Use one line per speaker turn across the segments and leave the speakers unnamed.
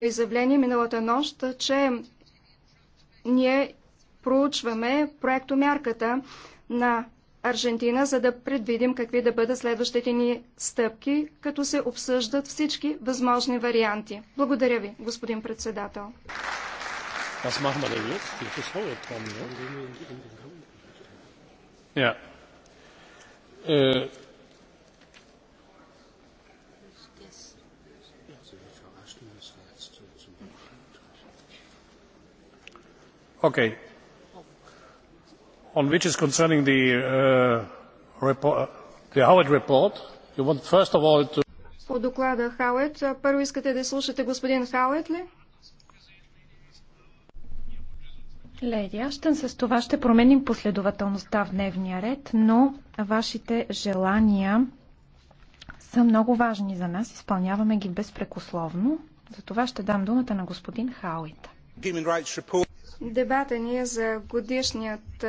изявление миналата нощ, че ние проучваме проектомярката на Аржентина, за да предвидим какви да бъдат следващите ни стъпки, като се обсъждат всички възможни варианти. Благодаря ви, господин председател.
on which is concerning the uh, uh, howitt report you want first of all to
по доклада Хаует. Първо искате да слушате господин Хаует ли?
Леди Аштън, с това ще променим последователността в дневния ред, но вашите желания са много важни за нас. Изпълняваме ги безпрекословно. За това ще дам
думата на господин Хауит. Дебата ни е за годишният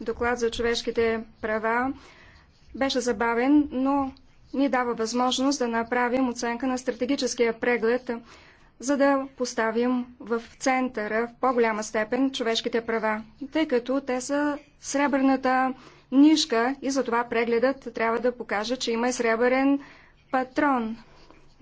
доклад за човешките права беше забавен, но ни дава възможност да направим оценка на стратегическия преглед, за да поставим в центъра в по-голяма степен човешките права, тъй като те са сребърната нишка и затова прегледът трябва да покаже, че има и сребърен патрон.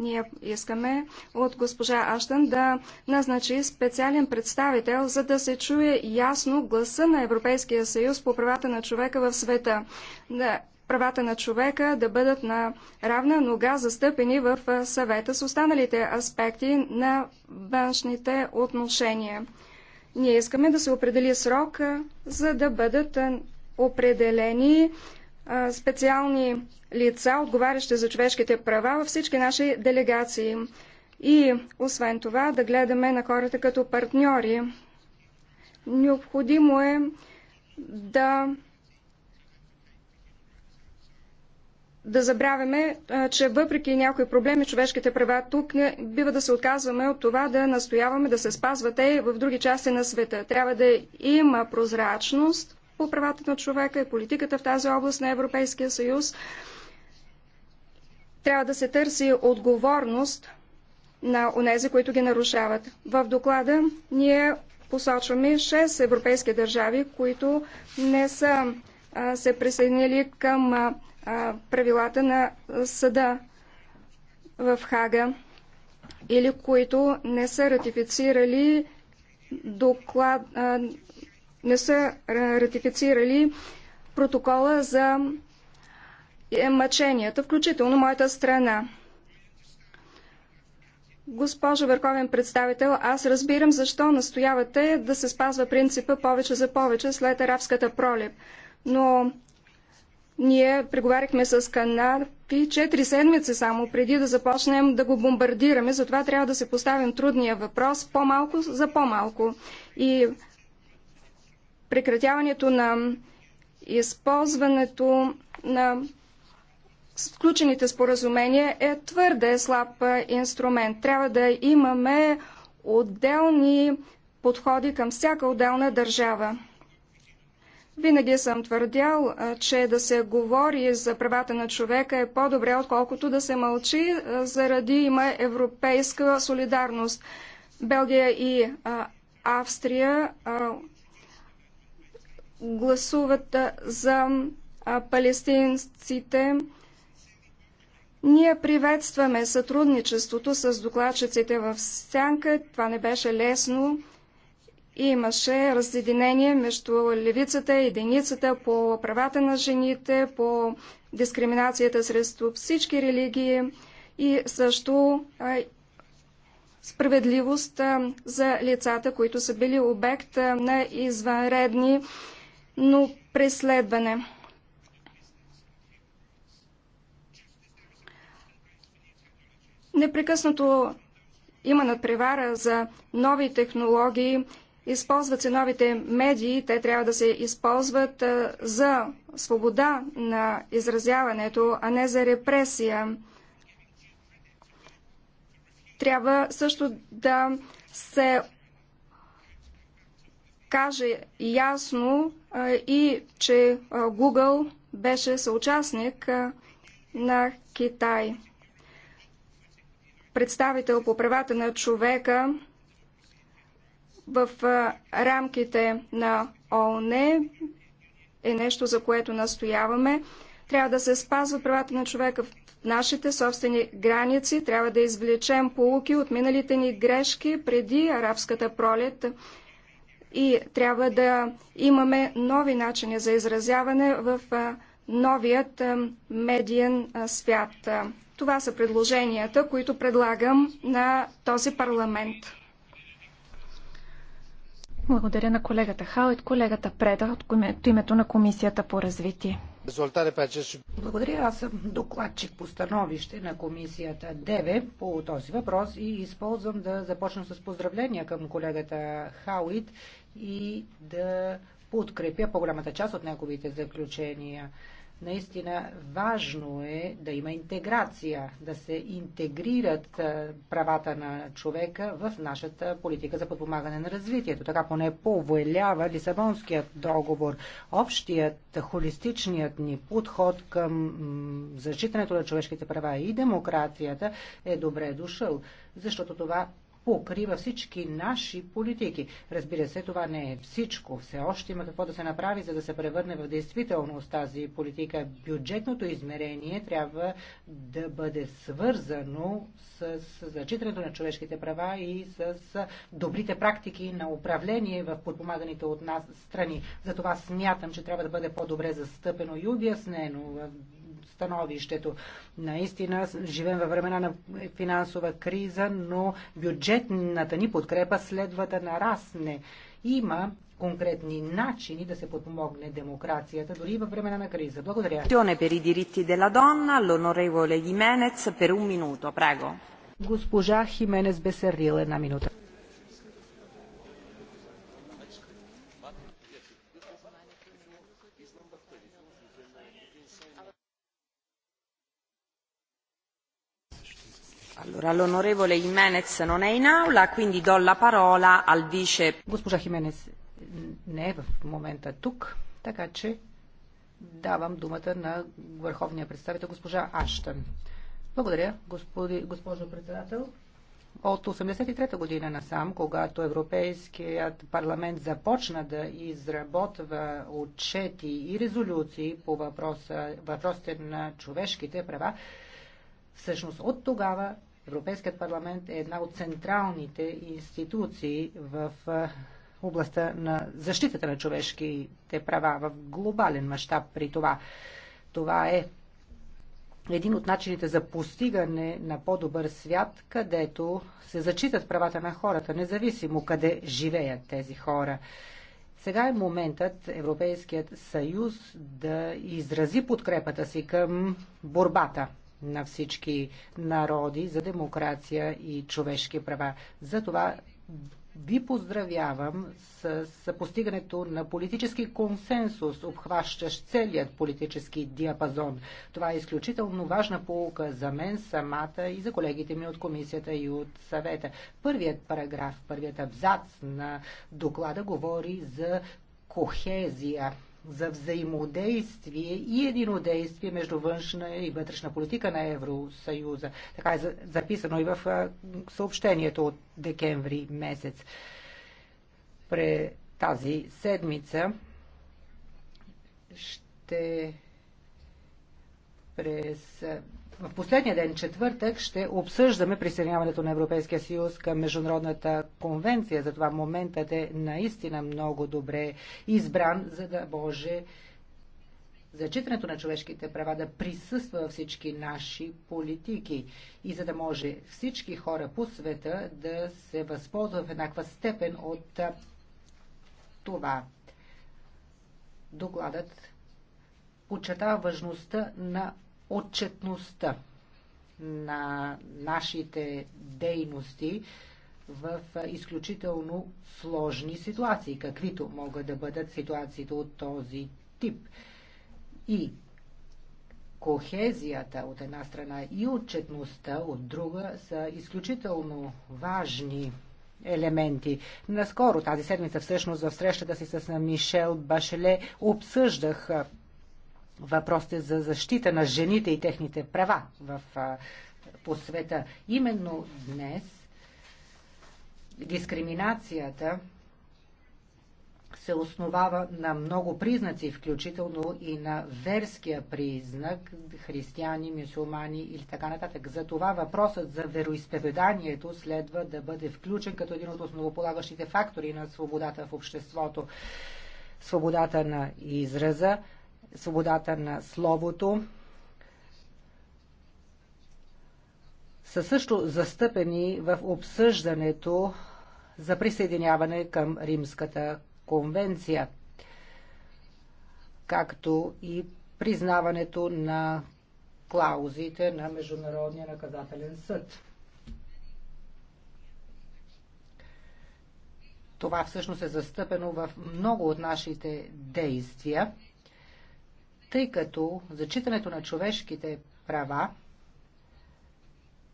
Ние искаме от госпожа Аштън да назначи специален представител, за да се чуе ясно гласа на Европейския съюз по правата на човека в света. Да, правата на човека да бъдат на равна нога застъпени в съвета с останалите аспекти на външните отношения. Ние искаме да се определи срок, за да бъдат определени специални лица, отговарящи за човешките права във всички наши делегации. И освен това да гледаме на хората като партньори. Необходимо е да да забравяме, че въпреки някои проблеми човешките права тук не бива да се отказваме от това да настояваме да се спазват и в други части на света. Трябва да има прозрачност по правата на човека и политиката в тази област на Европейския съюз. Трябва да се търси отговорност на онези, които ги нарушават. В доклада ние посочваме 6 европейски държави, които не са а, се присъединили към а, правилата на съда в Хага или които не са ратифицирали доклад, а, не са ратифицирали протокола за е мъченията, включително моята страна. Госпожо Върховен представител, аз разбирам защо настоявате да се спазва принципа повече за повече след арабската пролеп. Но ние преговаряхме с Канафи четири седмици само преди да започнем да го бомбардираме, затова трябва да се поставим трудния въпрос по-малко за по-малко. И прекратяването на използването на сключените споразумения е твърде слаб инструмент. Трябва да имаме отделни подходи към всяка отделна държава. Винаги съм твърдял, че да се говори за правата на човека е по-добре, отколкото да се мълчи, заради има европейска солидарност. Белгия и Австрия гласуват за палестинците ние приветстваме сътрудничеството с докладчиците в Сянка. Това не беше лесно. Имаше разединение между левицата и деницата по правата на жените, по дискриминацията срещу всички религии и също справедливост за лицата, които са били обект на извънредни но преследване. Непрекъснато има надпревара за нови технологии, използват се новите медии, те трябва да се използват за свобода на изразяването, а не за репресия. Трябва също да се каже ясно и че Google беше съучастник на Китай представител по правата на човека в рамките на ООН е нещо, за което настояваме. Трябва да се спазва правата на човека в нашите собствени граници. Трябва да извлечем полуки от миналите ни грешки преди арабската пролет и трябва да имаме нови начини за изразяване в новият медиен свят. Това са предложенията, които предлагам на този парламент.
Благодаря на колегата Хао и колегата Преда от името на Комисията по развитие. Е Благодаря. Аз съм докладчик
по становище на комисията 9 по този въпрос и използвам да започна с поздравления към колегата Хауит и да подкрепя по-голямата част от неговите заключения. Наистина важно е да има интеграция, да се интегрират правата на човека в нашата политика за подпомагане на развитието. Така поне повелява Лисабонският договор. Общият, холистичният ни подход към защитането на човешките права и демокрацията е добре дошъл, защото това покрива всички наши политики. Разбира се, това не е всичко. Все още има какво да се направи, за да се превърне в действителност тази политика. Бюджетното измерение трябва да бъде свързано с зачитането на човешките права и с добрите практики на управление в подпомаганите от нас страни. Затова смятам, че трябва да бъде по-добре застъпено и обяснено в становището. Наистина живеем във времена на финансова криза, но бюджетната ни подкрепа следва да нарасне. Има конкретни начини да се подпомогне
демокрацията, дори във времена на криза. Благодаря.
Госпожа Хименес Бесерил, една минута.
Allora, l'onorevole Jimenez non è in aula, quindi do la parola al vice... Госпожа
Хименес не е в момента тук, така че давам думата на върховния представител госпожа Аштън. Благодаря, господи, госпожо председател. От 1983 година насам, когато Европейският парламент започна да изработва отчети и резолюции по въпроса, въпросите на човешките права, всъщност от тогава Европейският парламент е една от централните институции в областта на защитата на човешките права в глобален мащаб при това. Това е един от начините за постигане на по-добър свят, където се зачитат правата на хората, независимо къде живеят тези хора. Сега е моментът Европейският съюз да изрази подкрепата си към борбата на всички народи за демокрация и човешки права. Затова ви поздравявам с, с постигането на политически консенсус, обхващащ целият политически диапазон. Това е изключително важна полука за мен самата и за колегите ми от комисията и от съвета. Първият параграф, първият абзац на доклада говори за кохезия за взаимодействие и единодействие между външна и вътрешна политика на Евросъюза. Така е записано и в съобщението от декември месец. Пре тази седмица ще през в последния ден, четвъртък, ще обсъждаме присъединяването на Европейския съюз към Международната конвенция. Затова моментът е наистина много добре избран, за да може зачитането на човешките права да присъства във всички наши политики и за да може всички хора по света да се възползват в еднаква степен от това. Докладът подчертава важността на отчетността на нашите дейности в изключително сложни ситуации, каквито могат да бъдат ситуациите от този тип. И кохезията от една страна и отчетността от друга са изключително важни елементи. Наскоро, тази седмица всъщност, в срещата си с Мишел Башеле обсъждах въпросите за защита на жените и техните права в, по света. Именно днес дискриминацията се основава на много признаци, включително и на верския признак, християни, мюсулмани или така нататък. За това въпросът за вероисповеданието следва да бъде включен като един от основополагащите фактори на свободата в обществото. Свободата на израза, свободата на словото са също застъпени в обсъждането за присъединяване към Римската конвенция, както и признаването на клаузите на Международния наказателен съд. Това всъщност е застъпено в много от нашите действия – тъй като зачитането на човешките права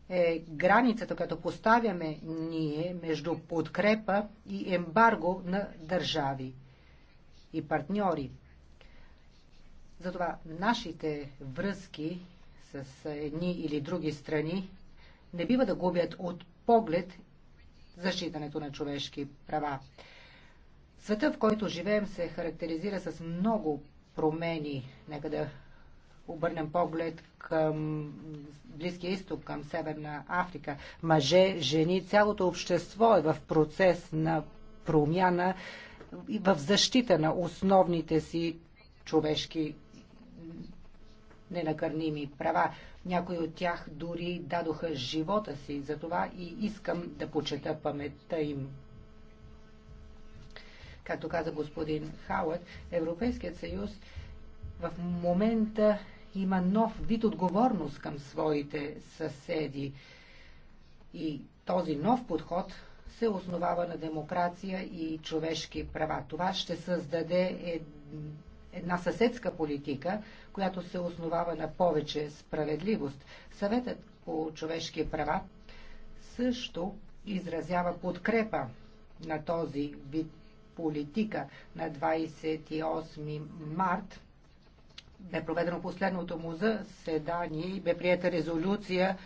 е границата, като поставяме ние между подкрепа и ембарго на държави и партньори. Затова нашите връзки с едни или други страни не бива да губят от поглед защитането на човешки права. Света, в който живеем, се характеризира с много промени. Нека да обърнем поглед към Близкия изток, към Северна Африка. Мъже, жени, цялото общество е в процес на промяна и в защита на основните си човешки ненакърними права. Някои от тях дори дадоха живота си за това и искам да почета паметта им. Както каза господин Хауът, Европейският съюз в момента има нов вид отговорност към своите съседи. И този нов подход се основава на демокрация и човешки права. Това ще създаде една съседска политика, която се основава на повече справедливост. Съветът по човешки права също изразява подкрепа на този вид политика на 28 март бе проведено последното му заседание и бе приета резолюция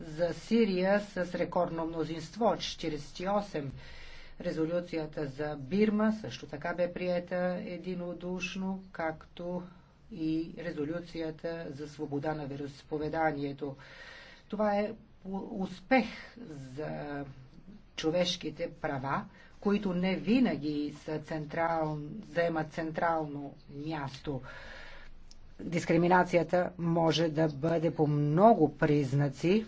за Сирия с рекордно мнозинство 48. Резолюцията за Бирма също така бе приета единодушно, както и резолюцията за свобода на вероисповеданието. Това е успех за човешките права, които не винаги са централ, заемат централно място. Дискриминацията може да бъде по много признаци,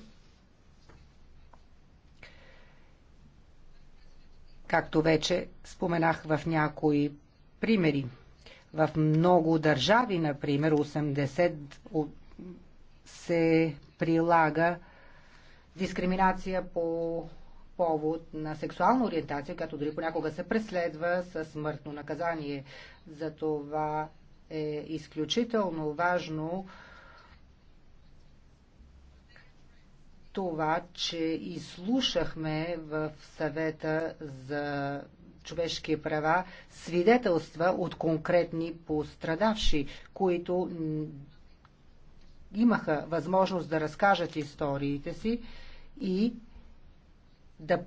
както вече споменах в някои примери. В много държави, например, 80 се прилага дискриминация по повод на сексуална ориентация, която дори понякога се преследва със смъртно наказание. За това е изключително важно това, че изслушахме в съвета за човешки права свидетелства от конкретни пострадавши, които имаха възможност да разкажат историите си и да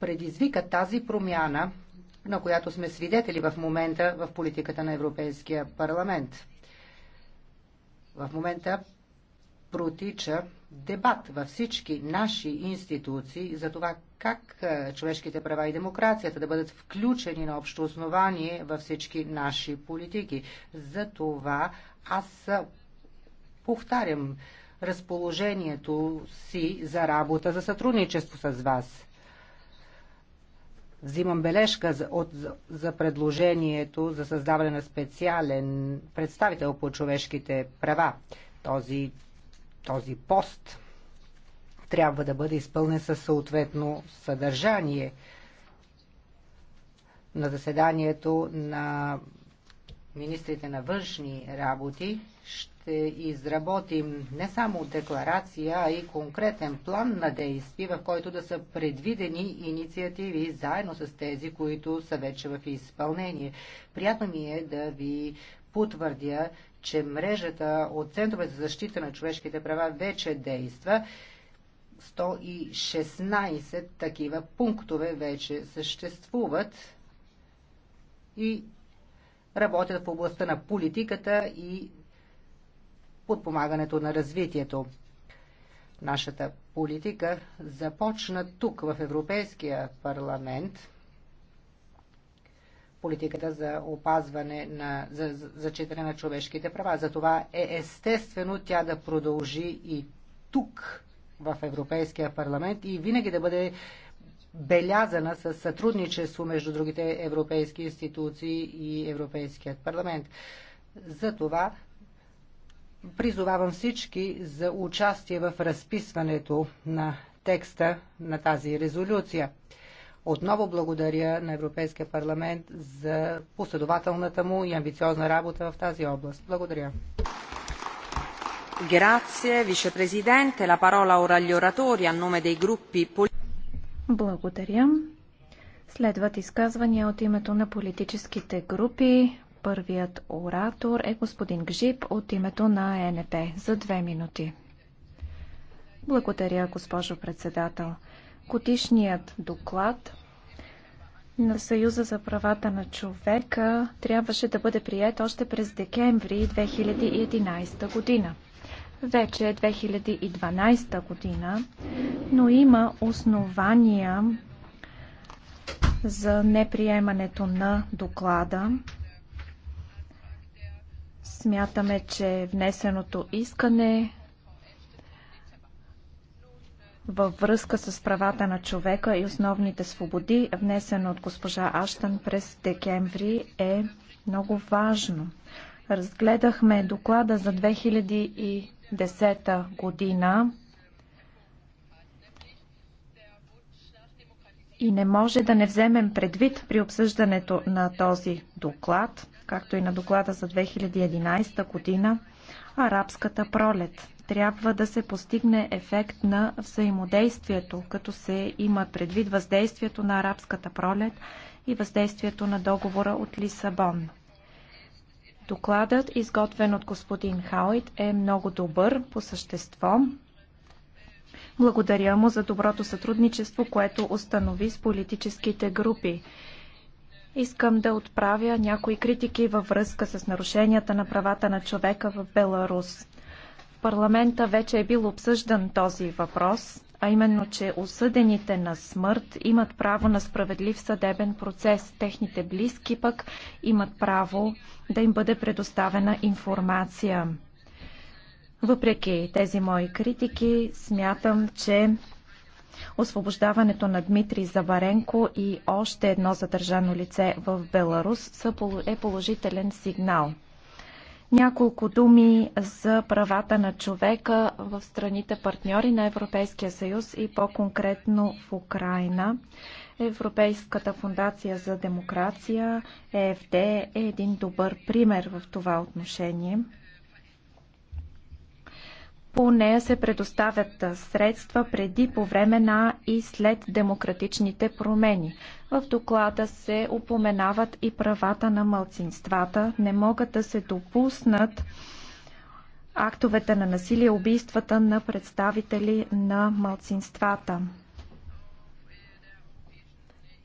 предизвика тази промяна, на която сме свидетели в момента в политиката на Европейския парламент. В момента протича дебат във всички наши институции за това как е, човешките права и демокрацията да бъдат включени на общо основание във всички наши политики. За това аз повтарям разположението си за работа, за сътрудничество с вас. Взимам бележка за, от, за предложението за създаване на специален представител по човешките права. Този, този пост трябва да бъде изпълнен със съответно съдържание. На заседанието на министрите на външни работи ще изработим не само декларация, а и конкретен план на действие, в който да са предвидени инициативи заедно с тези, които са вече в изпълнение. Приятно ми е да ви потвърдя, че мрежата от Центрове за защита на човешките права вече действа. 116 такива пунктове вече съществуват и работят в областта на политиката и подпомагането на развитието. Нашата политика започна тук, в Европейския парламент. Политиката за опазване на за, зачитане на човешките права. Затова е естествено тя да продължи и тук, в Европейския парламент и винаги да бъде белязана с сътрудничество между другите европейски институции и Европейският парламент. Затова призовавам всички за участие в разписването на текста на тази резолюция. Отново благодаря на Европейския парламент за последователната му и амбициозна работа в тази област. Благодаря.
Grazie vicepresidente, la parola ora agli oratori a nome dei gruppi politici.
Благодаря. Следват изказвания от името на политическите групи. Първият оратор е господин Гжип от името на НП за две минути. Благодаря, госпожо председател. Котишният доклад на Съюза за правата на човека трябваше да бъде прият още през декември 2011 година. Вече е 2012 година, но има основания за неприемането на доклада. Смятаме, че внесеното искане във връзка с правата на човека и основните свободи, внесено от госпожа Аштан през декември, е много важно. Разгледахме доклада за 2010 година и не може да не вземем предвид при обсъждането на този доклад, както и на доклада за 2011 година, арабската пролет. Трябва да се постигне ефект на взаимодействието, като се има предвид въздействието на арабската пролет и въздействието на договора от Лисабон. Докладът, изготвен от господин Хауит, е много добър по същество. Благодаря му за доброто сътрудничество, което установи с политическите групи. Искам да отправя някои критики във връзка с нарушенията на правата на човека в Беларус. В парламента вече е бил обсъждан този въпрос а именно, че осъдените на смърт имат право на справедлив съдебен процес. Техните близки пък имат право да им бъде предоставена информация. Въпреки тези мои критики, смятам, че освобождаването на Дмитрий Забаренко и още едно задържано лице в Беларус е положителен сигнал. Няколко думи за правата на човека в страните партньори на Европейския съюз и по-конкретно в Украина. Европейската фундация за демокрация, ЕФД, е един добър пример в това отношение. По нея се предоставят средства преди, по време на и след демократичните промени. В доклада се упоменават и правата на мълцинствата. Не могат да се допуснат актовете на насилие, убийствата на представители на мълцинствата.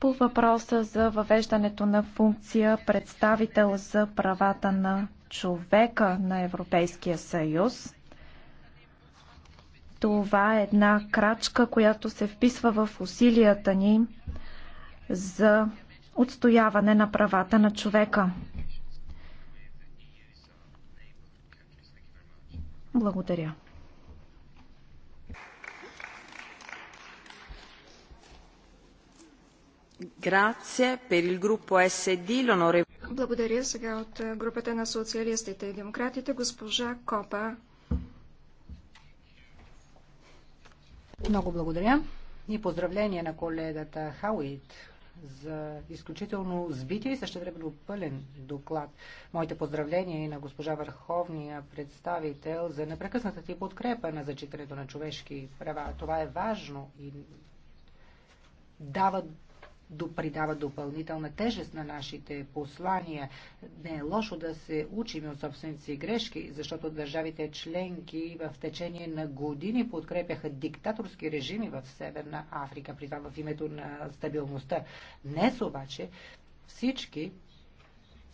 По въпроса за въвеждането на функция представител за правата на човека на Европейския съюз, това е една крачка, която се вписва в усилията ни за отстояване на правата на човека. Благодаря.
Благодаря сега от групата на социалистите и демократите госпожа Копа
Много благодаря и
поздравление на колегата Хауит
за изключително сбития и същевременно пълен доклад. Моите поздравления и на госпожа Върховния представител за непрекъснатата ти подкрепа на зачитането на човешки права. Това е важно и дава придава допълнителна тежест на нашите послания. Не е лошо да се учим от собствените си грешки, защото държавите членки в течение на години подкрепяха диктаторски режими в Северна Африка, при това в името на стабилността. Днес обаче всички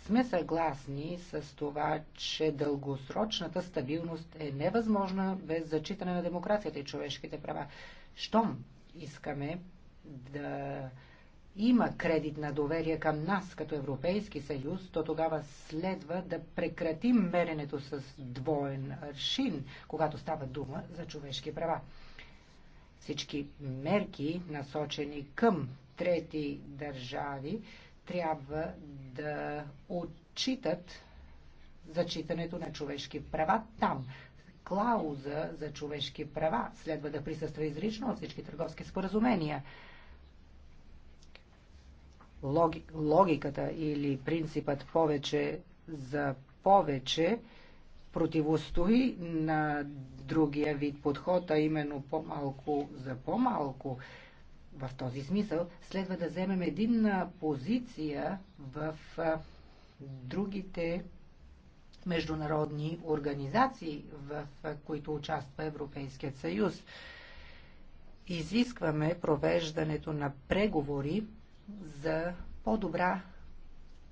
сме съгласни с това, че дългосрочната стабилност е невъзможна без зачитане на демокрацията и човешките права. Щом искаме да има кредит на доверие към нас като Европейски съюз, то тогава следва да прекратим меренето с двоен аршин, когато става дума за човешки права. Всички мерки, насочени към трети държави, трябва да отчитат зачитането на човешки права там. Клауза за човешки права следва да присъства изрично от всички търговски споразумения – логи, логиката или принципът повече за повече противостои на другия вид подход, а именно по-малко за по-малко. В този смисъл следва да вземем единна позиция в другите международни организации, в които участва Европейският съюз. Изискваме провеждането на преговори за по-добра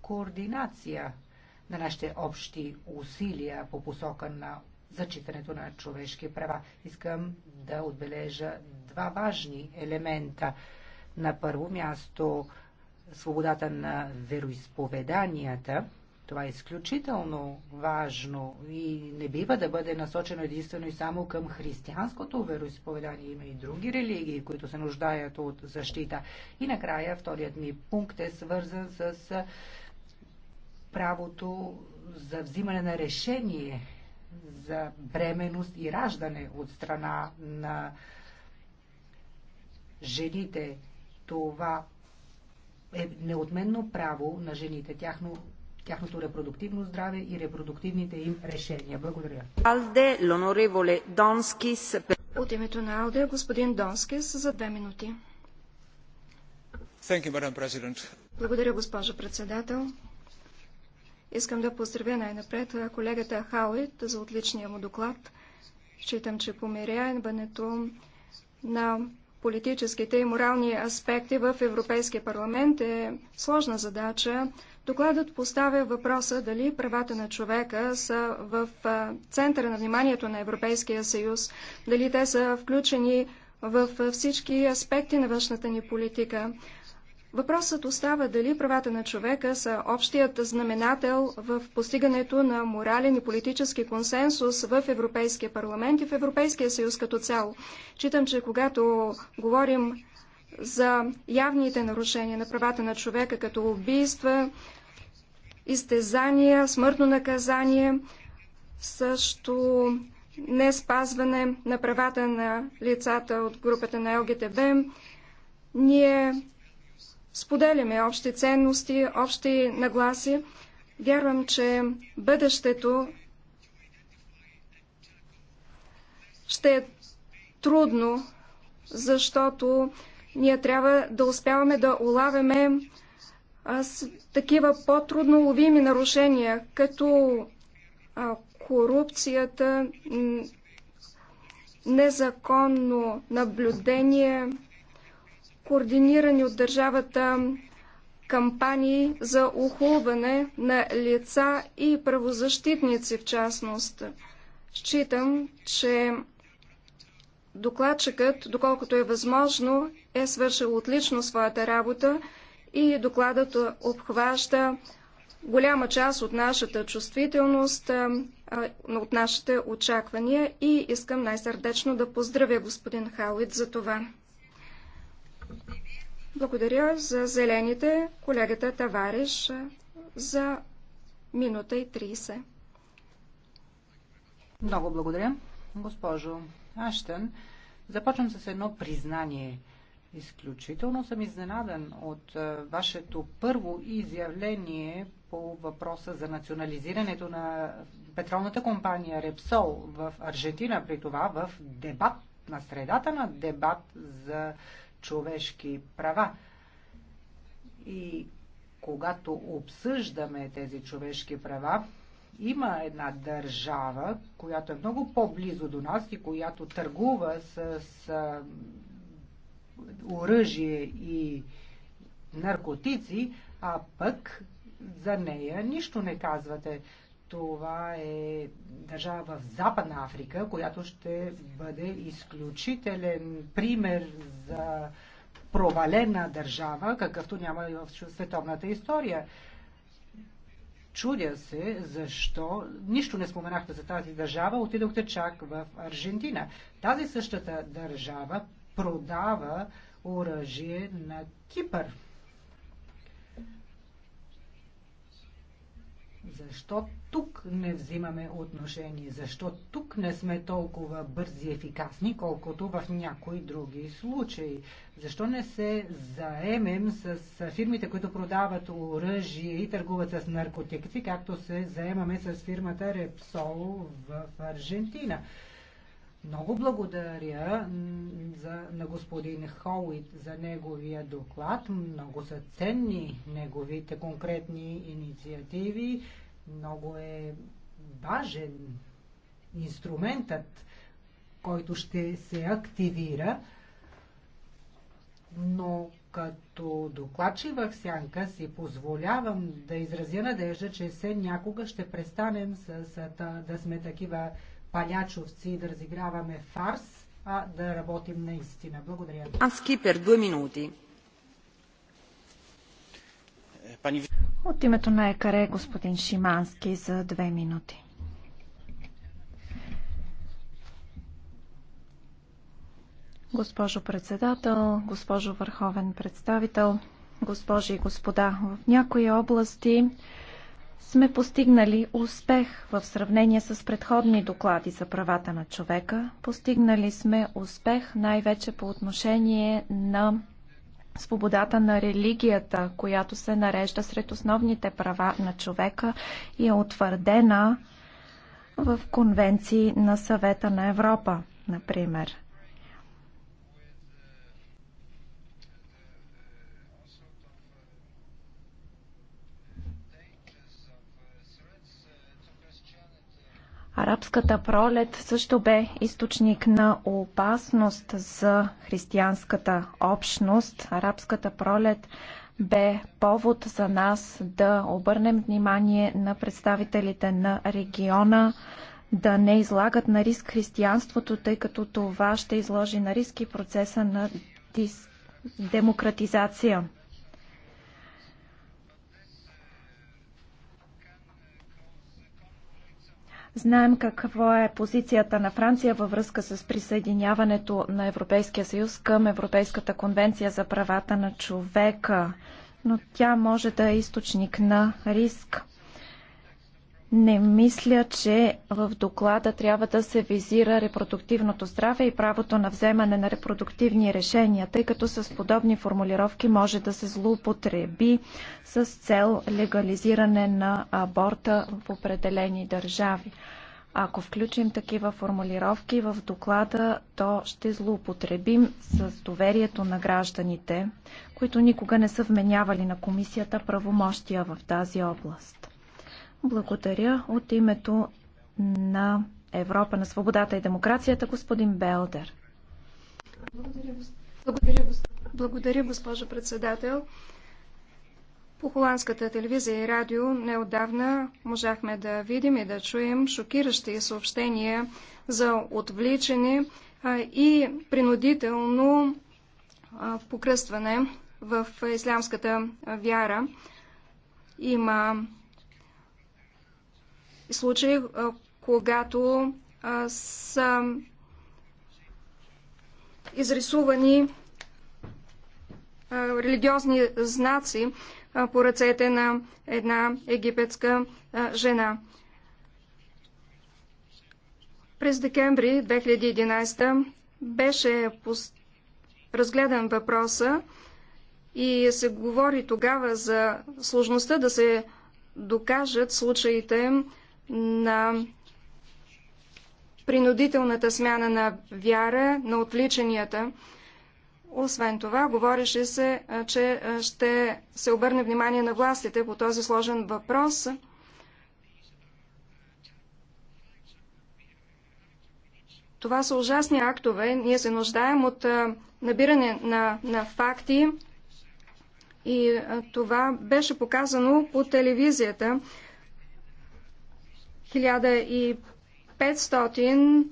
координация на нашите общи усилия по посока на зачитането на човешки права. Искам да отбележа два важни елемента. На първо място свободата на вероисповеданията – това е изключително важно и не бива да бъде насочено единствено и само към християнското вероисповедание. Има и други религии, които се нуждаят от защита. И накрая вторият ми пункт е свързан с правото за взимане на решение за бременност и раждане от страна на жените. Това е неотменно право на жените, тяхно тяхното репродуктивно здраве и репродуктивните им решения. Благодаря.
Алде, лонореволе Донскис. От името на Алде, господин Донскис, за две минути.
Thank you, Madam President.
Благодаря, госпожо председател. Искам да поздравя най-напред колегата Хауит за отличния му доклад. Считам, че помиряването на политическите и морални аспекти в Европейския парламент е сложна задача, Докладът поставя въпроса дали правата на човека са в центъра на вниманието на Европейския съюз, дали те са включени в всички аспекти на външната ни политика. Въпросът остава дали правата на човека са общият знаменател в постигането на морален и политически консенсус в Европейския парламент и в Европейския съюз като цяло. Читам, че когато говорим за явните нарушения на правата на човека, като убийства, изтезания, смъртно наказание, също не спазване на правата на лицата от групата на ЛГТБ. Ние споделяме общи ценности, общи нагласи. Вярвам, че бъдещето ще е трудно, защото ние трябва да успяваме да улавяме с такива по-трудно ловими нарушения, като а, корупцията, незаконно наблюдение, координирани от държавата кампании за ухулване на лица и правозащитници в частност. Считам, че докладчикът, доколкото е възможно, е свършил отлично своята работа и докладът обхваща голяма част от нашата чувствителност, от нашите очаквания и искам най-сърдечно да поздравя господин Хауит за това. Благодаря за зелените колегата Тавариш за минута и 30. Много
благодаря, госпожо Аштън. Започвам с едно признание – Изключително съм изненадан от е, вашето първо изявление по въпроса за национализирането на петролната компания Репсол в Аржентина, при това в дебат, на средата на дебат за човешки права. И когато обсъждаме тези човешки права, има една държава, която е много по-близо до нас и която търгува с, с оръжие и наркотици, а пък за нея нищо не казвате. Това е държава в Западна Африка, която ще бъде изключителен пример за провалена държава, какъвто няма и в световната история. Чудя се защо нищо не споменахте за тази държава, отидохте чак в Аржентина. Тази същата държава продава оръжие на Кипър. Защо тук не взимаме отношение? Защо тук не сме толкова бързи и ефикасни, колкото в някои други случаи? Защо не се заемем с фирмите, които продават оръжие и търгуват с наркотици, както се заемаме с фирмата Repsol в Аржентина? Много благодаря за, на господин Хоуит за неговия доклад. Много са ценни неговите конкретни инициативи. Много е важен инструментът, който ще се активира. Но като докладчи в сянка си позволявам да изразя надежда, че все някога ще престанем с, с, да сме такива палячовци и да разиграваме фарс, а да работим наистина. Благодаря.
Анскипер,
две минути.
От името на ЕКАРЕ господин Шимански за две минути. Госпожо председател, госпожо върховен представител, госпожи и господа, в някои области сме постигнали успех в сравнение с предходни доклади за правата на човека. Постигнали сме успех най-вече по отношение на свободата на религията, която се нарежда сред основните права на човека и е утвърдена в конвенции на съвета на Европа, например. Арабската пролет също бе източник на опасност за християнската общност. Арабската пролет бе повод за нас да обърнем внимание на представителите на региона, да не излагат на риск християнството, тъй като това ще изложи на риски процеса на дис... демократизация. Знаем какво е позицията на Франция във връзка с присъединяването на Европейския съюз към Европейската конвенция за правата на човека, но тя може да е източник на риск. Не мисля, че в доклада трябва да се визира репродуктивното здраве и правото на вземане на репродуктивни решения, тъй като с подобни формулировки може да се злоупотреби с цел легализиране на аборта в определени държави. Ако включим такива формулировки в доклада, то ще злоупотребим с доверието на гражданите, които никога не са вменявали на комисията правомощия в тази област. Благодаря от името на Европа на свободата и демокрацията, господин Белдер.
Благодаря, благодаря, госпожо председател. По холандската телевизия и радио неодавна можахме да видим и да чуем шокиращи съобщения за отвличане и принудително покръстване в ислямската вяра. Има случаи, когато са изрисувани религиозни знаци по ръцете на една египетска жена. През декември 2011 беше разгледан въпроса и се говори тогава за сложността да се докажат случаите на принудителната смяна на вяра, на отличанията. Освен това, говореше се, че ще се обърне внимание на властите по този сложен въпрос. Това са ужасни актове. Ние се нуждаем от набиране на, на факти. И това беше показано по телевизията. 1500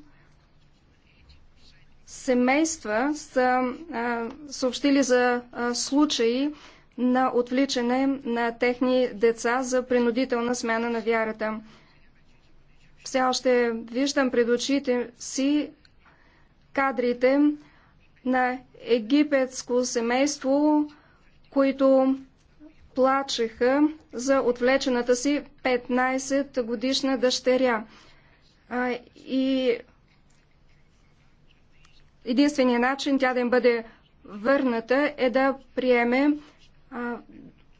семейства са а, съобщили за а, случаи на отвличане на техни деца за принудителна смяна на вярата. Все още виждам пред очите си кадрите на египетско семейство, които плачеха за отвлечената си 15-годишна дъщеря. И единственият начин тя да им бъде върната е да приеме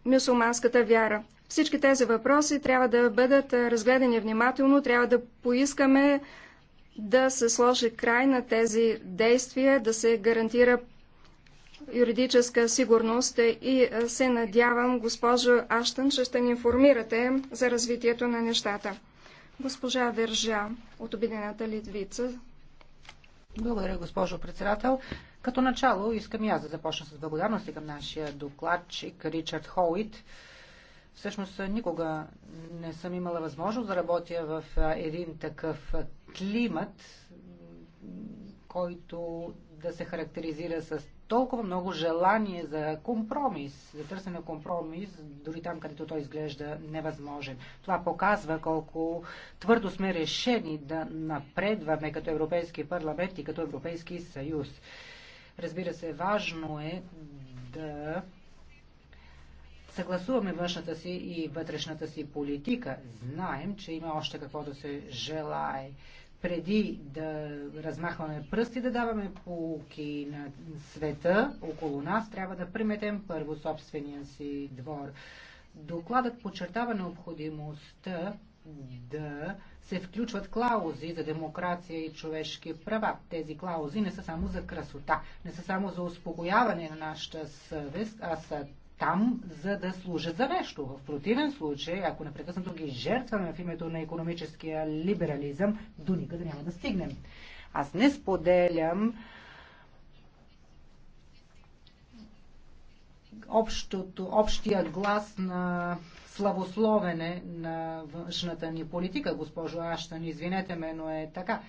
мюсулманската вяра. Всички тези въпроси трябва да бъдат разгледани внимателно, трябва да поискаме да се сложи край на тези действия, да се гарантира юридическа сигурност и е, се надявам, госпожо Аштън, че ще ни информирате за развитието на нещата. Госпожа Вержа от Обединената Литвица.
Благодаря, госпожо председател. Като начало искам и аз да започна с благодарност към нашия докладчик Ричард Хоуит. Всъщност никога не съм имала възможност да работя в е, един такъв климат, който да се характеризира с толкова много желание за компромис, за търсене на компромис, дори там, където той изглежда невъзможен. Това показва колко твърдо сме решени да напредваме като Европейски парламент и като Европейски съюз. Разбира се, важно е да съгласуваме външната си и вътрешната си политика. Знаем, че има още какво да се желае преди да размахваме пръсти, да даваме полуки на света около нас, трябва да приметем първо собствения си двор. Докладът подчертава необходимостта да се включват клаузи за демокрация и човешки права. Тези клаузи не са само за красота, не са само за успокояване на нашата съвест, а са там, за да служат за нещо. В противен случай, ако непрекъснато ги жертваме в името на економическия либерализъм, до никъде няма да стигнем. Аз не споделям общото, общия глас на славословене на външната ни политика, госпожо Аштан, извинете ме, но е така.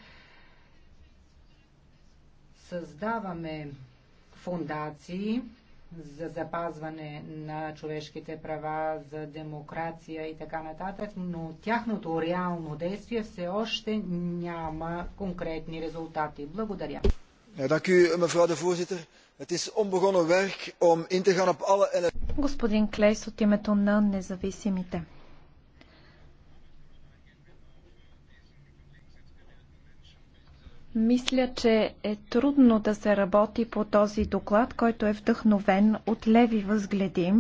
Създаваме фундации, за запазване на човешките права, за демокрация и така нататък, но тяхното реално действие все още няма конкретни резултати. Благодаря.
Господин Клейс от името на независимите. Мисля, че е трудно да се работи по този доклад, който е вдъхновен от леви възгледи.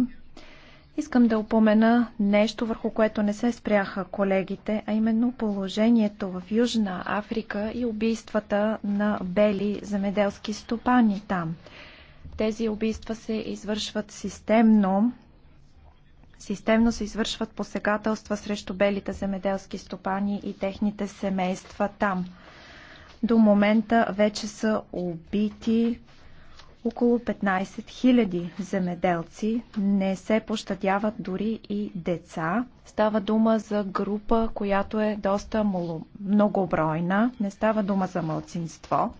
Искам да упомена нещо, върху което не се спряха колегите, а именно положението в Южна Африка и убийствата на бели земеделски стопани там. Тези убийства се извършват системно. Системно се извършват посегателства срещу белите земеделски стопани и техните семейства там. До момента вече са убити около 15 000 земеделци. Не се пощадяват дори и деца. Става дума за група, която е доста многобройна. Не става дума за мълцинство.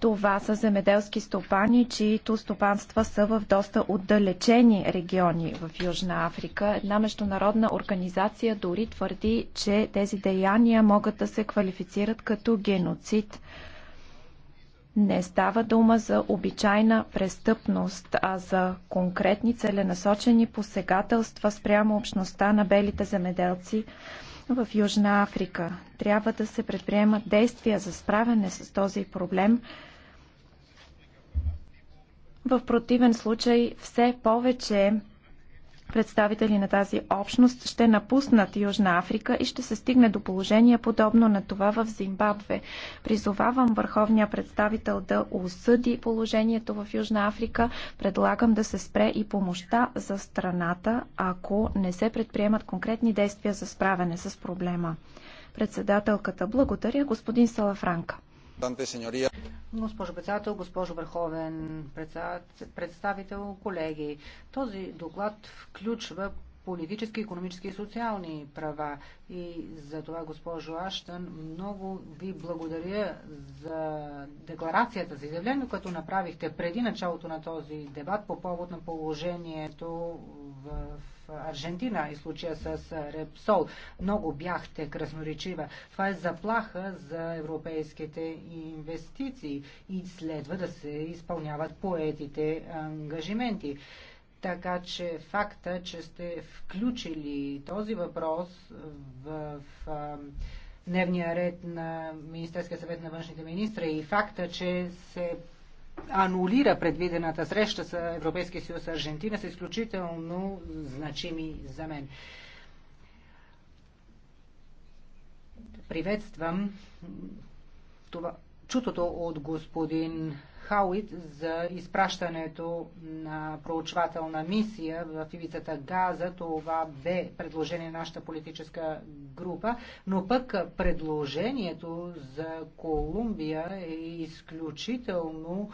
Това са земеделски стопани, чието стопанства са в доста отдалечени региони в Южна Африка. Една международна организация дори твърди, че тези деяния могат да се квалифицират като геноцид. Не става дума за обичайна престъпност, а за конкретни целенасочени посегателства спрямо общността на белите земеделци в Южна Африка. Трябва да се предприемат действия за справяне с този проблем. В противен случай все повече представители на тази общност ще напуснат Южна Африка и ще се стигне до положение подобно на това в Зимбабве. Призовавам върховния представител да осъди положението в Южна Африка. Предлагам да се спре и помощта за страната, ако не се предприемат конкретни действия за справяне с проблема. Председателката благодаря господин Салафранка. Госпожо председател,
госпожо върховен представител, колеги, този доклад включва политически, економически и социални права. И за това, госпожо Аштън, много ви благодаря за декларацията, за изявлението, което направихте преди началото на този дебат по повод на положението в Аржентина и случая с Репсол. Много бяхте красноречива. Това е заплаха за европейските инвестиции и следва да се изпълняват поетите ангажименти. Така че факта, че сте включили този въпрос в, в дневния ред на Министерския съвет на външните министри и факта, че се анулира предвидената среща с Европейския съюз Аржентина са изключително значими за мен. Приветствам това, чутото от господин Хауит за изпращането на проучвателна мисия в ивицата Газа. Това бе предложение на нашата политическа група, но пък предложението за Колумбия е изключително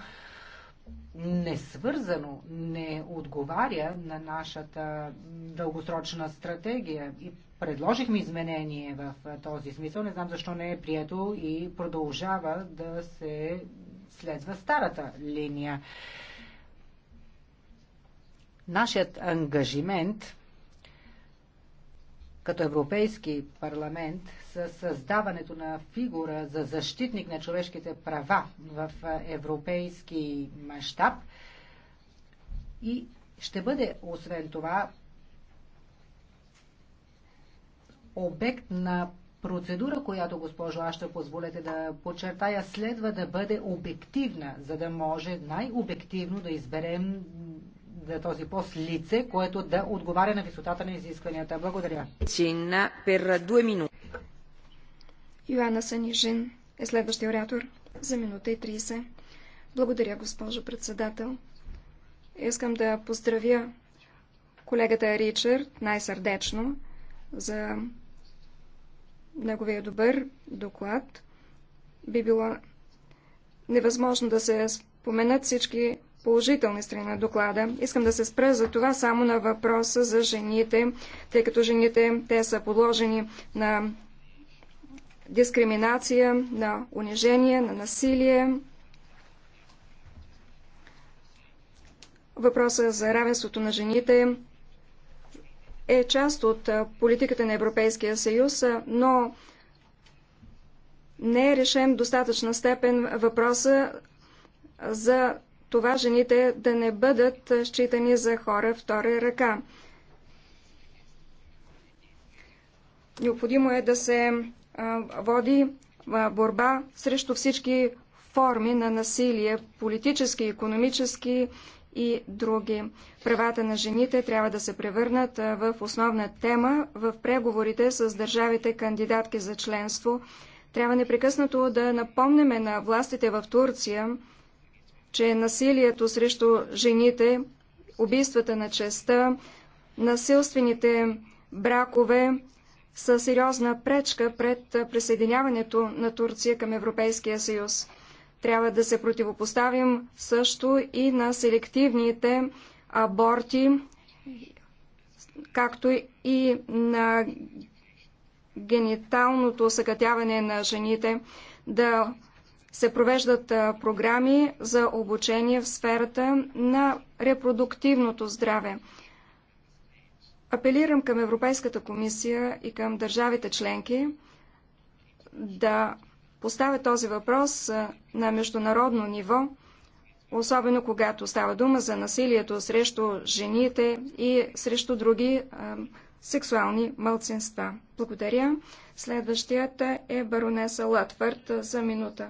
несвързано, не отговаря на нашата дългосрочна стратегия. И предложихме изменение в този смисъл. Не знам защо не е прието и продължава да се следва старата линия. Нашият ангажимент като Европейски парламент с създаването на фигура за защитник на човешките права в европейски мащаб и ще бъде освен това обект на процедура, която, госпожо, аз ще позволете да подчертая, следва да бъде обективна, за да може най-обективно да изберем за този пост лице, което да отговаря на висотата
на изискванията. Благодаря. Цинна пер две минути.
Йоанна Санижин е следващия оратор за минута и 30. Благодаря, госпожо председател. Искам да поздравя колегата Ричард най-сърдечно за неговия добър доклад. Би било невъзможно да се споменат всички положителни страни на доклада. Искам да се спра за това само на въпроса за жените, тъй като жените те са подложени на дискриминация, на унижение, на насилие. Въпроса за равенството на жените е част от политиката на Европейския съюз, но не е решен в достатъчна степен въпроса за това жените да не бъдат считани за хора втора ръка. Необходимо е да се води борба срещу всички форми на насилие, политически, економически и други. Правата на жените трябва да се превърнат в основна тема в преговорите с държавите кандидатки за членство. Трябва непрекъснато да напомняме на властите в Турция, че насилието срещу жените, убийствата на честа, насилствените бракове са сериозна пречка пред присъединяването на Турция към Европейския съюз. Трябва да се противопоставим също и на селективните аборти, както и на гениталното съкътяване на жените, да се провеждат програми за обучение в сферата на репродуктивното здраве. Апелирам към Европейската комисия и към държавите членки да поставя този въпрос на международно ниво, особено когато става дума за насилието срещу жените и срещу други сексуални мълцинства. Благодаря. Следващият е баронеса Латвърт за минута.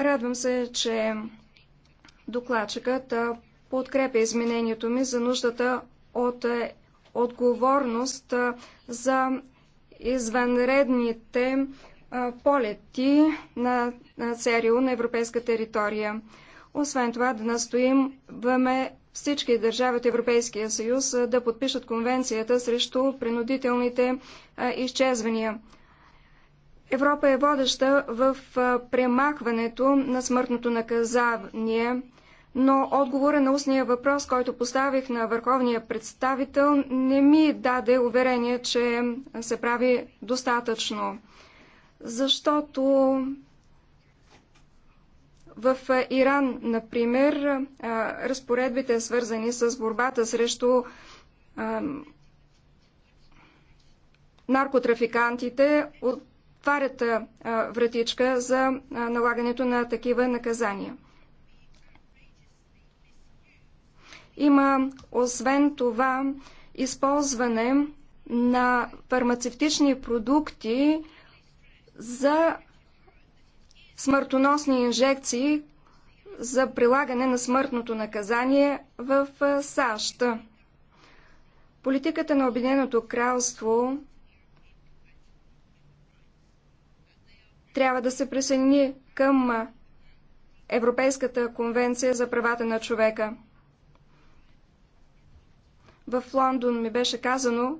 Радвам се, че докладчикът подкрепя изменението ми за нуждата от отговорност за извънредните полети на, на ЦРУ на европейска територия. Освен това да въме всички държави от Европейския съюз да подпишат конвенцията срещу принудителните изчезвания. Европа е водеща в премахването на смъртното наказание, но отговора на устния въпрос, който поставих на върховния представител, не ми даде уверение, че се прави достатъчно защото в Иран, например, разпоредбите свързани с борбата срещу наркотрафикантите отварят вратичка за налагането на такива наказания. Има освен това използване на фармацевтични продукти, за смъртоносни инжекции за прилагане на смъртното наказание в САЩ. Политиката на Обединеното кралство трябва да се присъедини към Европейската конвенция за правата на човека. В Лондон ми беше казано,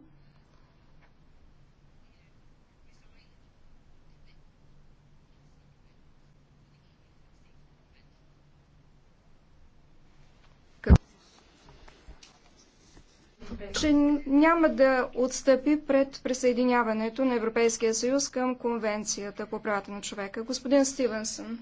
че няма да отстъпи пред присъединяването на Европейския съюз към Конвенцията по правата на човека. Господин Стивенсън.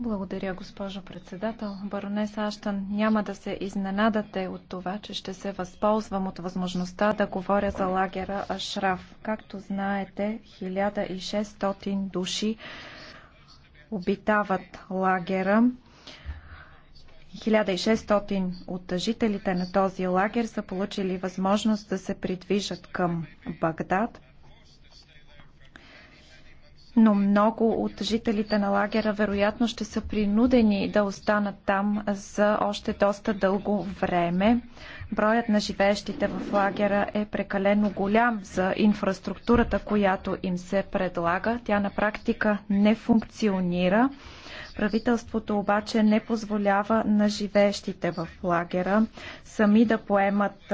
Благодаря, госпожо председател. Баронес Аштън, няма да се изненадате от това, че ще се възползвам от възможността да говоря за лагера Ашраф. Както знаете, 1600 души обитават лагера. 1600 от жителите на този лагер са получили възможност да се придвижат към Багдад. Но много от жителите на лагера вероятно ще са принудени да останат там за още доста дълго време. Броят на живеещите в лагера е прекалено голям за инфраструктурата, която им се предлага. Тя на практика не функционира. Правителството обаче не позволява на живеещите в лагера сами да поемат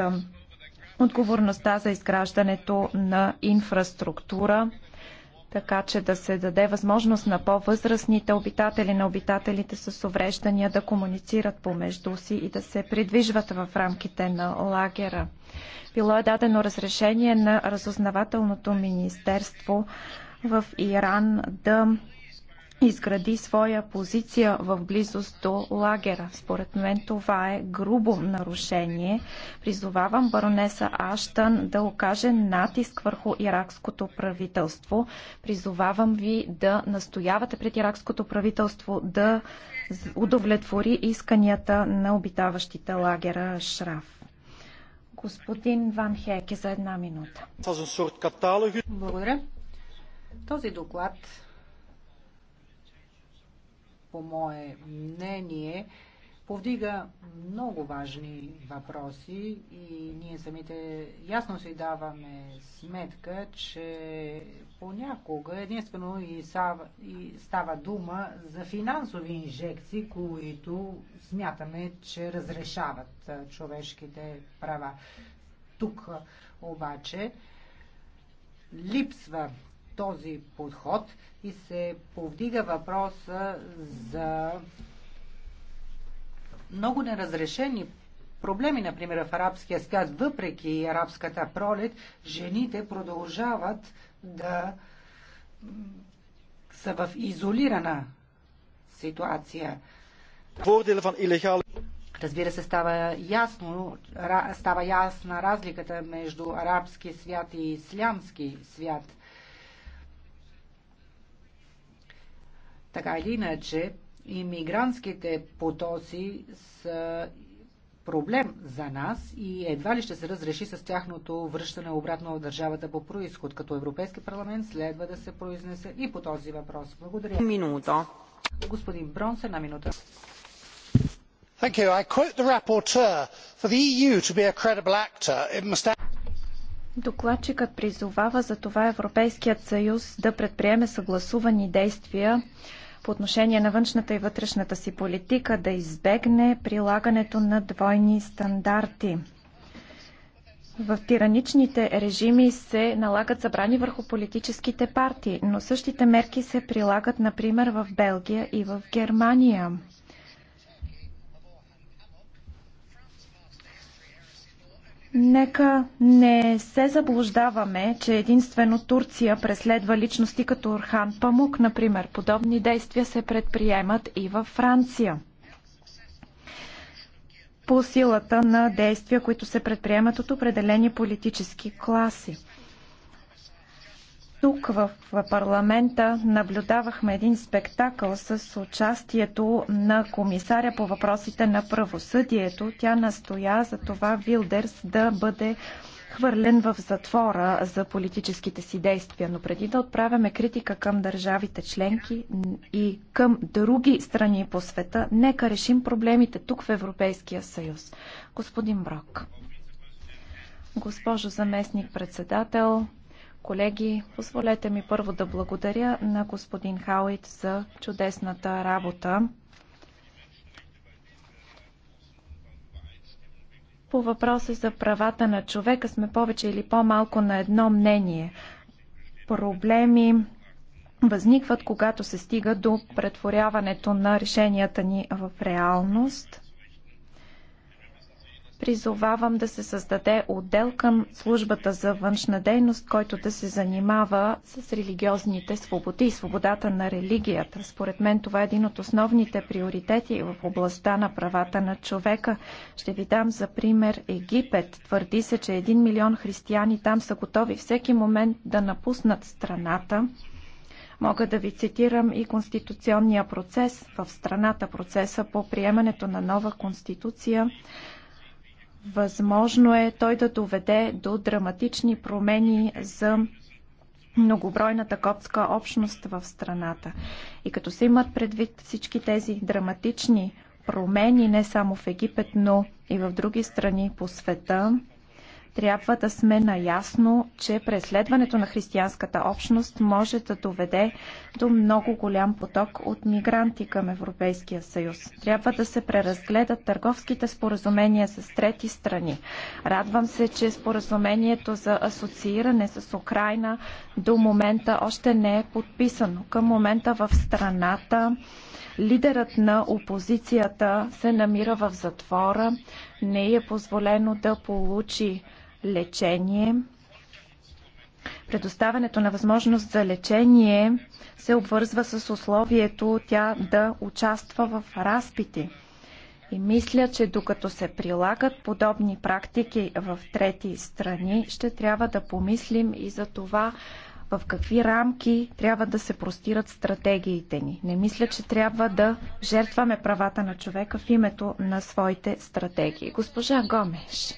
отговорността за изграждането на инфраструктура, така че да се даде възможност на по-възрастните обитатели, на обитателите с увреждания да комуницират помежду си и да се придвижват в рамките на лагера. Било е дадено разрешение на Разузнавателното министерство в Иран да изгради своя позиция в близост до лагера. Според мен това е грубо нарушение. Призовавам баронеса Аштън да окаже натиск върху иракското правителство. Призовавам ви да настоявате пред иракското правителство да удовлетвори исканията на обитаващите лагера Шраф. Господин Ван Хеке за една минута. Благодаря. Този доклад
по мое мнение, повдига много важни въпроси и ние самите ясно си даваме сметка, че понякога единствено и става, и става дума за финансови инжекции, които смятаме, че разрешават човешките права. Тук обаче липсва този подход и се повдига въпроса за много неразрешени проблеми, например в арабския свят, въпреки арабската пролет, жените продължават да са в изолирана ситуация. Разбира се, става, ясно, става ясна разликата между арабски свят и ислямски свят – Така или иначе, иммигрантските потоци са проблем за нас и едва ли ще се разреши с тяхното връщане обратно в държавата по происход. Като Европейски парламент следва да се произнесе и по този въпрос. Благодаря.
Минута.
Господин Бронс, една минута. Thank you. I quote the rapporteur. For the EU to be a credible
actor, it must
Докладчикът призовава за това Европейският съюз да предприеме съгласувани действия по отношение на външната и вътрешната си политика да избегне прилагането на двойни стандарти. В тираничните режими се налагат забрани върху политическите партии, но същите мерки се прилагат, например, в Белгия и в Германия. Нека не се заблуждаваме, че единствено Турция преследва личности като Орхан Памук, например. Подобни действия се предприемат и във Франция по силата на действия, които се предприемат от определени политически класи. Тук в парламента наблюдавахме един спектакъл с участието на комисаря по въпросите на правосъдието. Тя настоя за това Вилдерс да бъде хвърлен в затвора за политическите си действия. Но преди да отправяме критика към държавите членки и към други страни по света, нека решим проблемите тук в Европейския съюз. Господин Брок. Госпожо заместник председател, Колеги, позволете ми първо да благодаря на господин Хауит за чудесната работа. По въпроса за правата на човека сме повече или по-малко на едно мнение. Проблеми възникват, когато се стига до претворяването на решенията ни в реалност – призовавам да се създаде отдел към службата за външна дейност, който да се занимава с религиозните свободи и свободата на религията. Според мен това е един от основните приоритети в областта на правата на човека. Ще ви дам за пример Египет. Твърди се, че един милион християни там са готови всеки момент да напуснат страната. Мога да ви цитирам и конституционния процес в страната, процеса по приемането на нова конституция Възможно е той да доведе до драматични промени за многобройната копска общност в страната. И като се имат предвид всички тези драматични промени не само в Египет, но и в други страни по света, трябва да сме наясно, че преследването на християнската общност може да доведе до много голям поток от мигранти към Европейския съюз. Трябва да се преразгледат търговските споразумения с трети страни. Радвам се, че споразумението за асоцииране с Украина до момента още не е подписано. Към момента в страната лидерът на опозицията се намира в затвора. Не е позволено да получи лечение. Предоставянето на възможност за лечение се обвързва с условието тя да участва в разпити. И мисля, че докато се прилагат подобни практики в трети страни, ще трябва да помислим и за това в какви рамки трябва да се простират стратегиите ни. Не мисля, че трябва да жертваме правата на човека в името на своите стратегии. Госпожа Гомеш.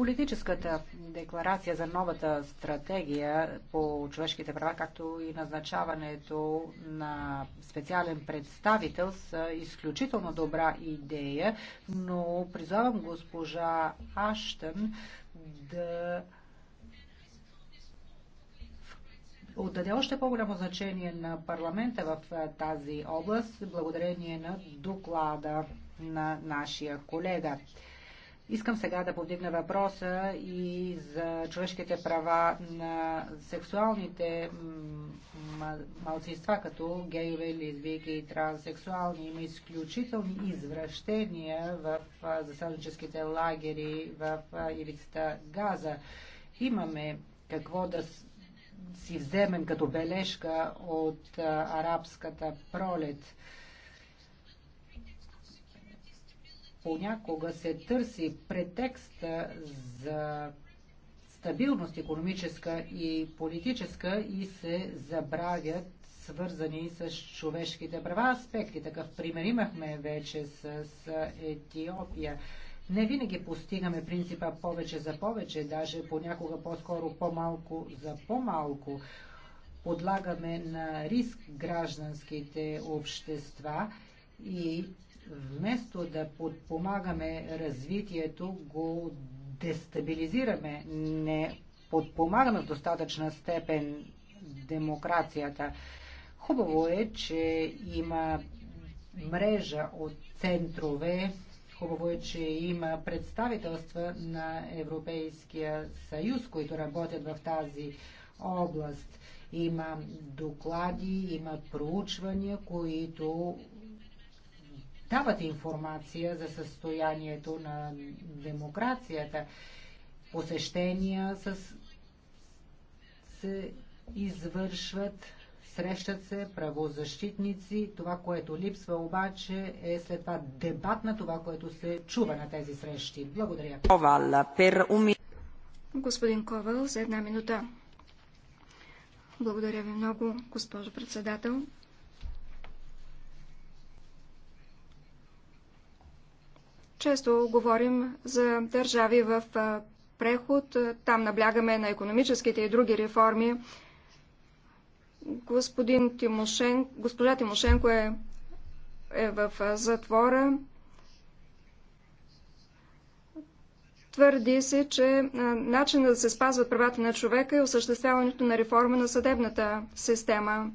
Политическата декларация за новата стратегия по човешките права, както и назначаването на специален представител са изключително добра идея, но призовам госпожа Аштън да отдаде още по-голямо значение на парламента в тази област, благодарение на доклада на нашия колега. Искам сега да повдигна въпроса и за човешките права на сексуалните малцинства, като гейове, лесбийки и транссексуални. Има изключителни извращения в засадническите лагери в ивицата Газа. Имаме какво да си вземем като бележка от арабската пролет. понякога се търси претекста за стабилност економическа и политическа и се забравят свързани с човешките права аспекти. Такъв пример имахме вече с, с Етиопия. Не винаги постигаме принципа повече за повече, даже понякога по-скоро по-малко за по-малко. Подлагаме на риск гражданските общества и вместо да подпомагаме развитието, го дестабилизираме, не подпомагаме в достатъчна степен демокрацията. Хубаво е, че има мрежа от центрове, хубаво е, че има представителства на Европейския съюз, които работят в тази област. Има доклади, има проучвания, които дават информация за състоянието на демокрацията. Посещения с... се извършват срещат се правозащитници. Това, което липсва обаче е след това дебат на това, което се чува на тези срещи. Благодаря.
Господин Ковал, за една минута. Благодаря ви много, госпожо председател. Често говорим за държави в преход, там наблягаме на економическите и други реформи. Господин Тимошен, госпожа Тимошенко е, е в затвора. Твърди се, че начинът да се спазват правата на човека е осъществяването на реформа на съдебната система.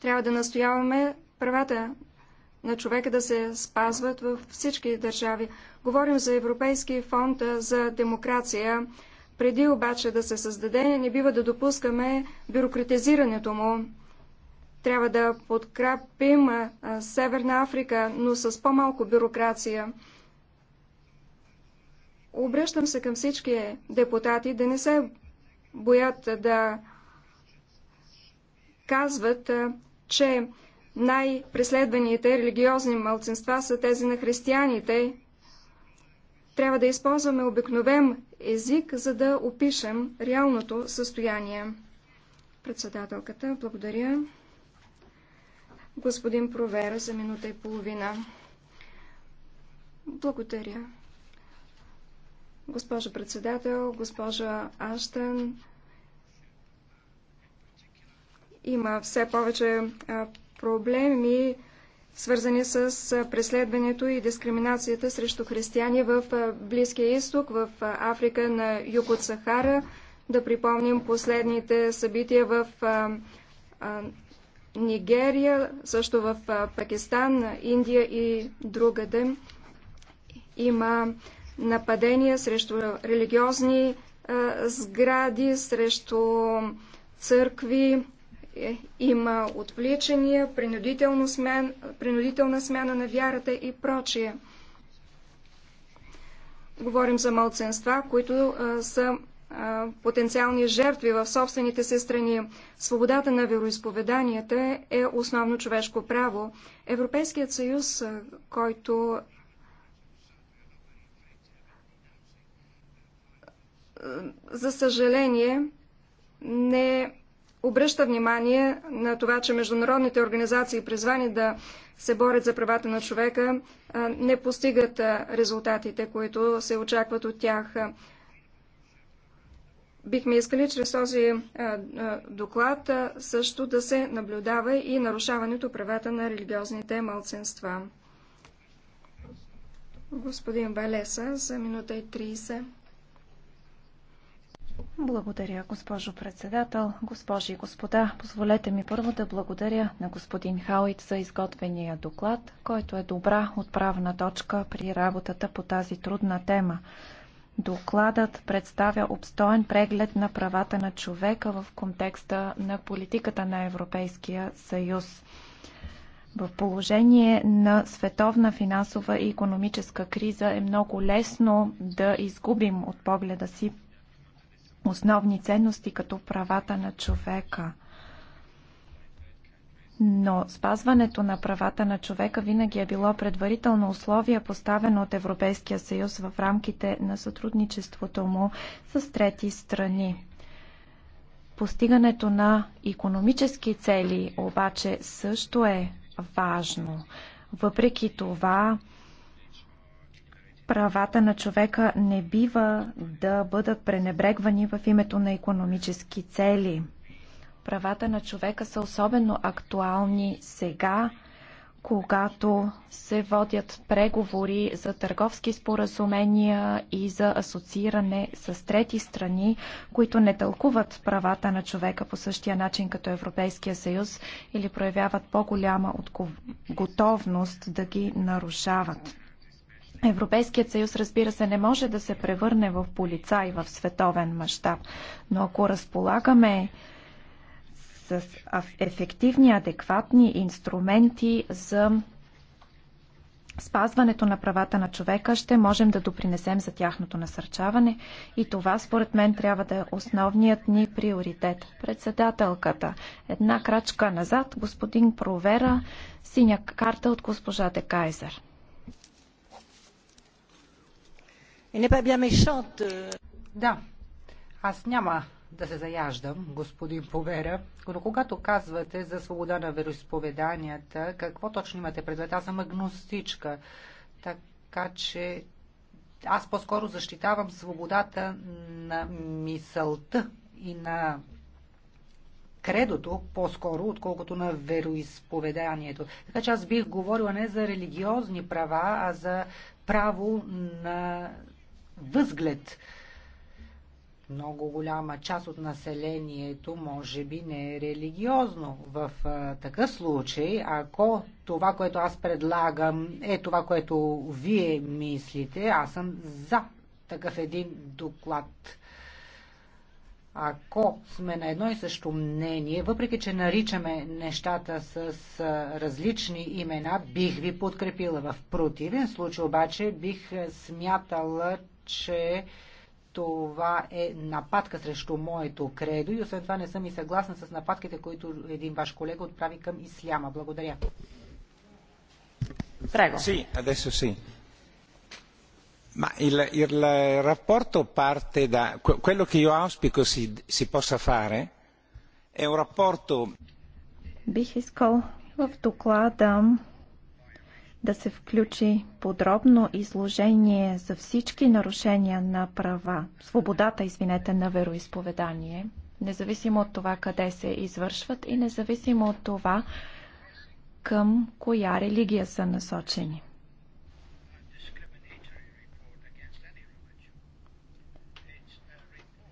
Трябва да настояваме правата на човека да се спазват във всички държави. Говорим за Европейски фонд за демокрация. Преди обаче да се създаде, не бива да допускаме бюрократизирането му. Трябва да подкрепим Северна Африка, но с по-малко бюрокрация. Обръщам се към всички депутати да не се боят да казват, че най-преследваните религиозни мълцинства са тези на християните. Трябва да използваме обикновен език, за да опишем реалното състояние. Председателката, благодаря. Господин Провера за минута и половина. Благодаря. Госпожо председател, госпожа Аштън, има все повече проблеми, свързани с преследването и дискриминацията срещу християни в Близкия изток, в Африка на юг от Сахара. Да припомним последните събития в Нигерия, също в Пакистан, Индия и другаде. Има нападения срещу религиозни сгради, срещу църкви, е, има отвличания, смен, принудителна смяна на вярата и прочие. Говорим за мълценства, които а, са а, потенциални жертви в собствените си страни. Свободата на вероисповеданията е основно човешко право. Европейският съюз, а, който за съжаление не обръща внимание на това, че международните организации, призвани да се борят за правата на човека, не постигат резултатите, които се очакват от тях. Бихме искали чрез този доклад също да се наблюдава и нарушаването правата на религиозните малцинства. Господин Валеса за минута и 30.
Благодаря, госпожо председател. Госпожи и господа, позволете ми първо да благодаря на господин Хауит за изготвения доклад, който е добра отправна точка при работата по тази трудна тема. Докладът представя обстоен преглед на правата на човека в контекста на политиката на Европейския съюз. В положение на световна финансова и економическа криза е много лесно да изгубим от погледа си основни ценности, като правата на човека. Но спазването на правата на човека винаги е било предварително условие, поставено от Европейския съюз в рамките на сътрудничеството му с трети страни. Постигането на економически цели обаче също е важно. Въпреки това, правата на човека не бива да бъдат пренебрегвани в името на економически цели. Правата на човека са особено актуални сега, когато се водят преговори за търговски споразумения и за асоцииране с трети страни, които не тълкуват правата на човека по същия начин като Европейския съюз или проявяват по-голяма готовност да ги нарушават. Европейският съюз, разбира се, не може да се превърне в полицай в световен мащаб, но ако разполагаме с ефективни, адекватни инструменти за спазването на правата на човека, ще можем да допринесем за тяхното насърчаване и това според мен трябва да е основният ни приоритет. Председателката. Една крачка назад, господин Провера, синя карта от госпожа Декайзер. Euh.
Да, аз няма да се заяждам, господин Повера, но когато казвате за свобода на вероисповеданията, какво точно имате предвид? Аз съм агностичка, така че аз по-скоро защитавам свободата на мисълта и на кредото по-скоро, отколкото на вероисповеданието. Така че аз бих говорила не за религиозни права, а за право на възглед. Много голяма част от населението може би не е религиозно. В а, такъв случай, ако това, което аз предлагам, е това, което вие мислите, аз съм за такъв един доклад ако сме на едно и също мнение, въпреки че наричаме нещата с различни имена, бих ви подкрепила. В противен случай обаче бих смятала, че това е нападка срещу моето кредо и освен това не съм и съгласна с нападките, които един ваш колега отправи към исляма. Благодаря.
Прего. Си, адесо си. Ma il, il rapporto parte da quello che io auspico si, si possa fare е un rapporto. Бих искал в доклада да се включи подробно изложение за всички нарушения на права, свободата, извинете, на вероисповедание, независимо от това къде се извършват и независимо от това към коя религия са насочени.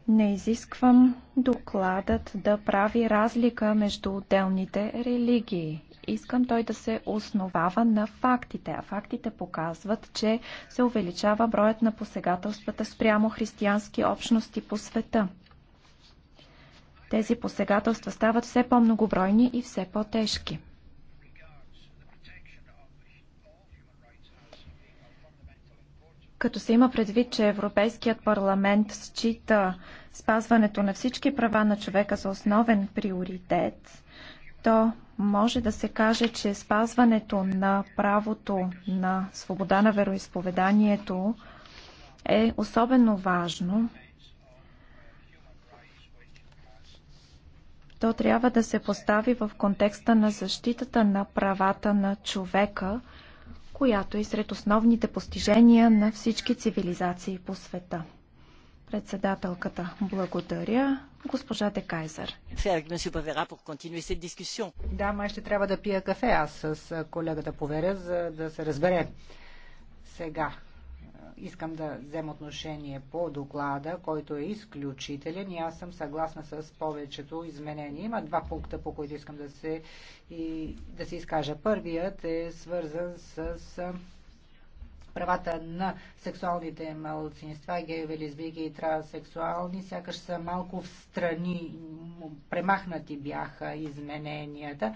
Не изисквам докладът да прави разлика между отделните религии. Искам той да се основава на фактите, а фактите показват, че се увеличава броят на посегателствата спрямо християнски общности по света. Тези посегателства стават все по-многобройни и все по-тежки. Като се има предвид, че Европейският парламент счита спазването на всички права на човека за основен приоритет, то може да се каже, че спазването на правото на свобода на вероисповеданието е особено важно. То трябва да се постави в контекста на защитата на правата на човека – която е сред основните постижения на всички цивилизации по света. Председателката благодаря. Госпожа Декайзер.
Да, май ще трябва да пия кафе аз с колегата Поверя, за да се разбере сега искам да взема отношение по доклада, който е изключителен и аз съм съгласна с повечето изменения. Има два пункта, по които искам да се, и, да се изкажа. Първият е свързан с правата на сексуалните малцинства, гейове, лесбийки и транссексуални, сякаш са малко в страни, премахнати бяха измененията,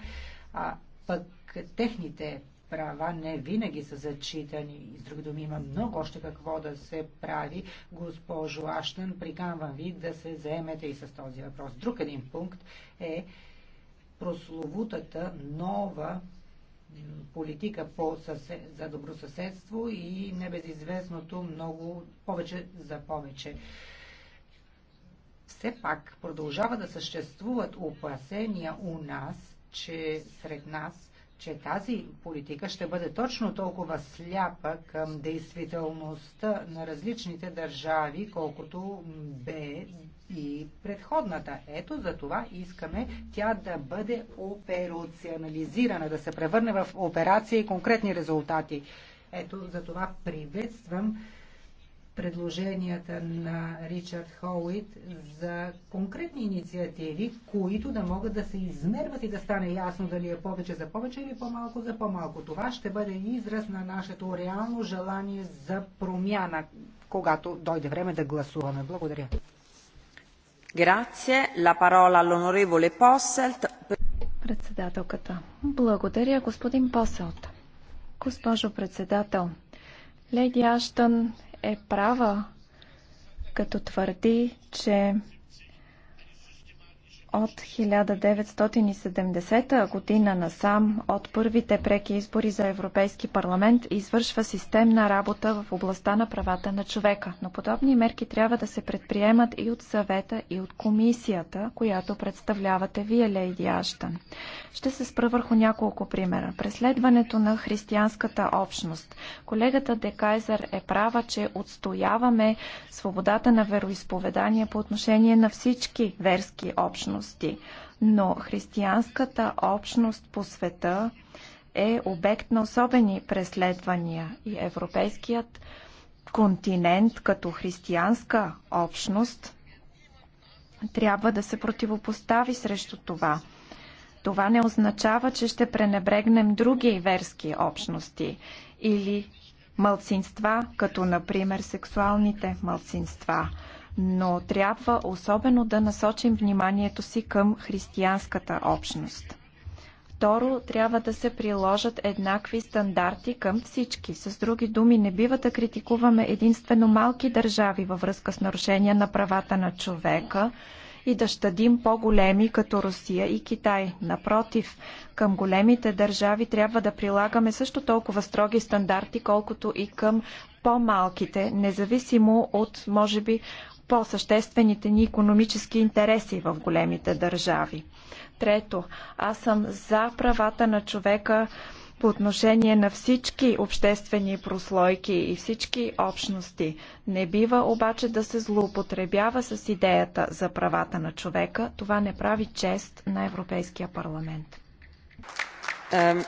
а пък техните права не винаги са зачитани. С други думи, има много още какво да се прави. Госпожо Аштен, приканвам ви да се заемете и с този въпрос. Друг един пункт е прословутата нова политика по съсед, за добросъседство и небезизвестното много повече за повече. Все пак продължава да съществуват опасения у нас, че сред нас че тази политика ще бъде точно толкова сляпа към действителността на различните държави, колкото бе и предходната. Ето за това искаме тя да бъде операционализирана, да се превърне в операция и конкретни резултати. Ето за това приветствам предложенията на Ричард Хоуит за конкретни инициативи, които да могат да се измерват и да стане ясно дали е повече за повече или по-малко за по-малко. Това ще бъде израз на нашето реално желание за промяна, когато дойде време да гласуваме. Благодаря.
Грация. La parola all'onorevole Posselt.
Председателката. Благодаря, господин Поселт. Госпожо председател, Леди Аштън е права, като твърди, че от 1970 година насам, от първите преки избори за Европейски парламент, извършва системна работа в областта на правата на човека. Но подобни мерки трябва да се предприемат и от съвета, и от комисията, която представлявате вие, Лейди Аштан. Ще се спра върху няколко примера. Преследването на християнската общност. Колегата Декайзер е права, че отстояваме свободата на вероисповедание по отношение на всички верски общности общности, но християнската общност по света е обект на особени преследвания и европейският континент като християнска общност трябва да се противопостави срещу това. Това не означава, че ще пренебрегнем други верски общности или мълцинства, като например сексуалните мълцинства но трябва особено да насочим вниманието си към християнската общност. Второ, трябва да се приложат еднакви стандарти към всички. С други думи, не бива да критикуваме единствено малки държави във връзка с нарушения на правата на човека и да щадим по-големи като Русия и Китай. Напротив, към големите държави трябва да прилагаме също толкова строги стандарти, колкото и към по-малките, независимо от, може би, по-съществените ни економически интереси в големите държави. Трето, аз съм за правата на човека по отношение на всички обществени прослойки и всички общности. Не бива обаче да се злоупотребява с идеята за правата на човека. Това не прави чест на Европейския парламент.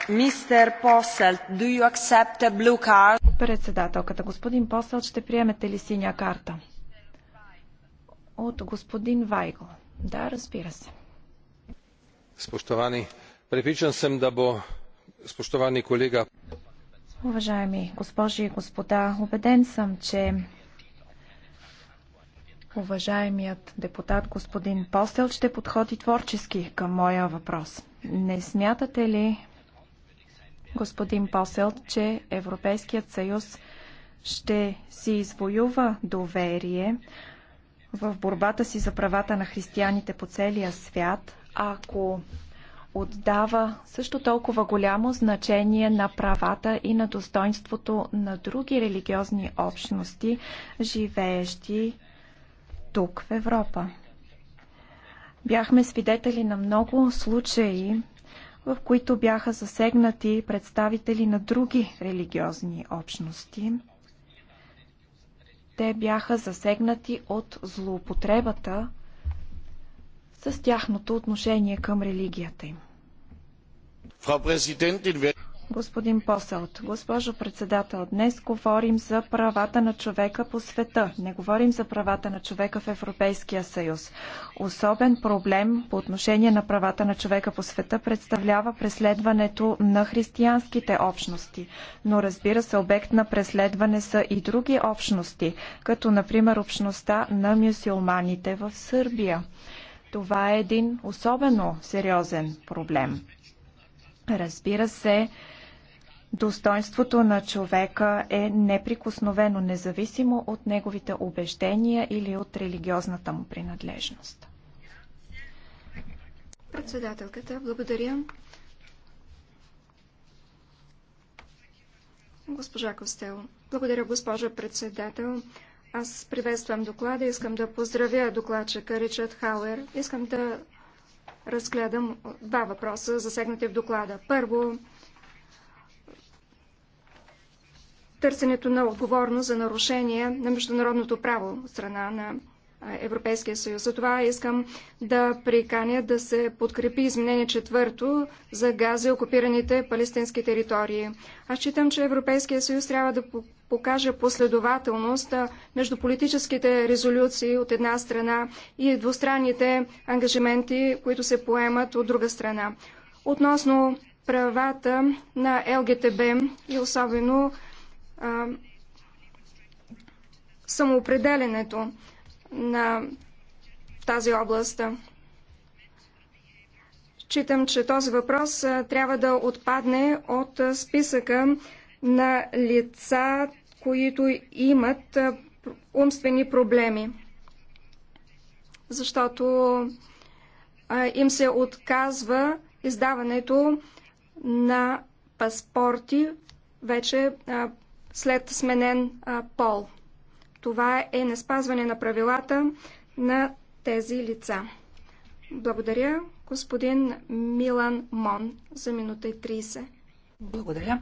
Мистер Посел, do you accept a blue card? Председателката, господин Посел, ще приемете ли синя карта? от господин Вайгл. Да, разбира се.
Спощовани, препичан съм да бо... Спощовани колега.
Уважаеми госпожи и господа, убеден съм, че уважаемият депутат господин Постел ще подходи творчески към моя въпрос. Не смятате ли, господин Посел, че Европейският съюз ще си извоюва доверие в борбата си за правата на християните по целия свят, ако отдава също толкова голямо значение на правата и на достоинството на други религиозни общности, живеещи тук в Европа. Бяхме свидетели на много случаи, в които бяха засегнати представители на други религиозни общности – те бяха засегнати от злоупотребата с тяхното отношение към религията им. Господин Поселт, госпожо председател, днес говорим за правата на човека по света. Не говорим за правата на човека в Европейския съюз. Особен проблем по отношение на правата на човека по света представлява преследването на християнските общности. Но разбира се, обект на преследване са и други общности, като например общността на мюсюлманите в Сърбия. Това е един особено сериозен проблем. Разбира се, Достоинството на човека е неприкосновено, независимо от неговите убеждения или от религиозната му принадлежност.
Председателката, благодаря. Госпожа Костел. Благодаря, госпожа председател. Аз приветствам доклада. Искам да поздравя докладчика Ричард Хауер. Искам да разгледам два въпроса, засегнати в доклада. Първо, търсенето на отговорност за нарушение на международното право от страна на Европейския съюз. Затова искам да приканя да се подкрепи изменение четвърто за газа и окупираните палестински територии. Аз считам, че Европейския съюз трябва да покаже последователност между политическите резолюции от една страна и двустранните ангажименти, които се поемат от друга страна. Относно правата на ЛГТБ и особено самоопределенето на тази област. Читам, че този въпрос трябва да отпадне от списъка на лица, които имат умствени проблеми, защото им се отказва издаването на паспорти вече след сменен а, пол. Това е неспазване на правилата на тези лица. Благодаря, господин Милан Мон, за минута и 30. Благодаря.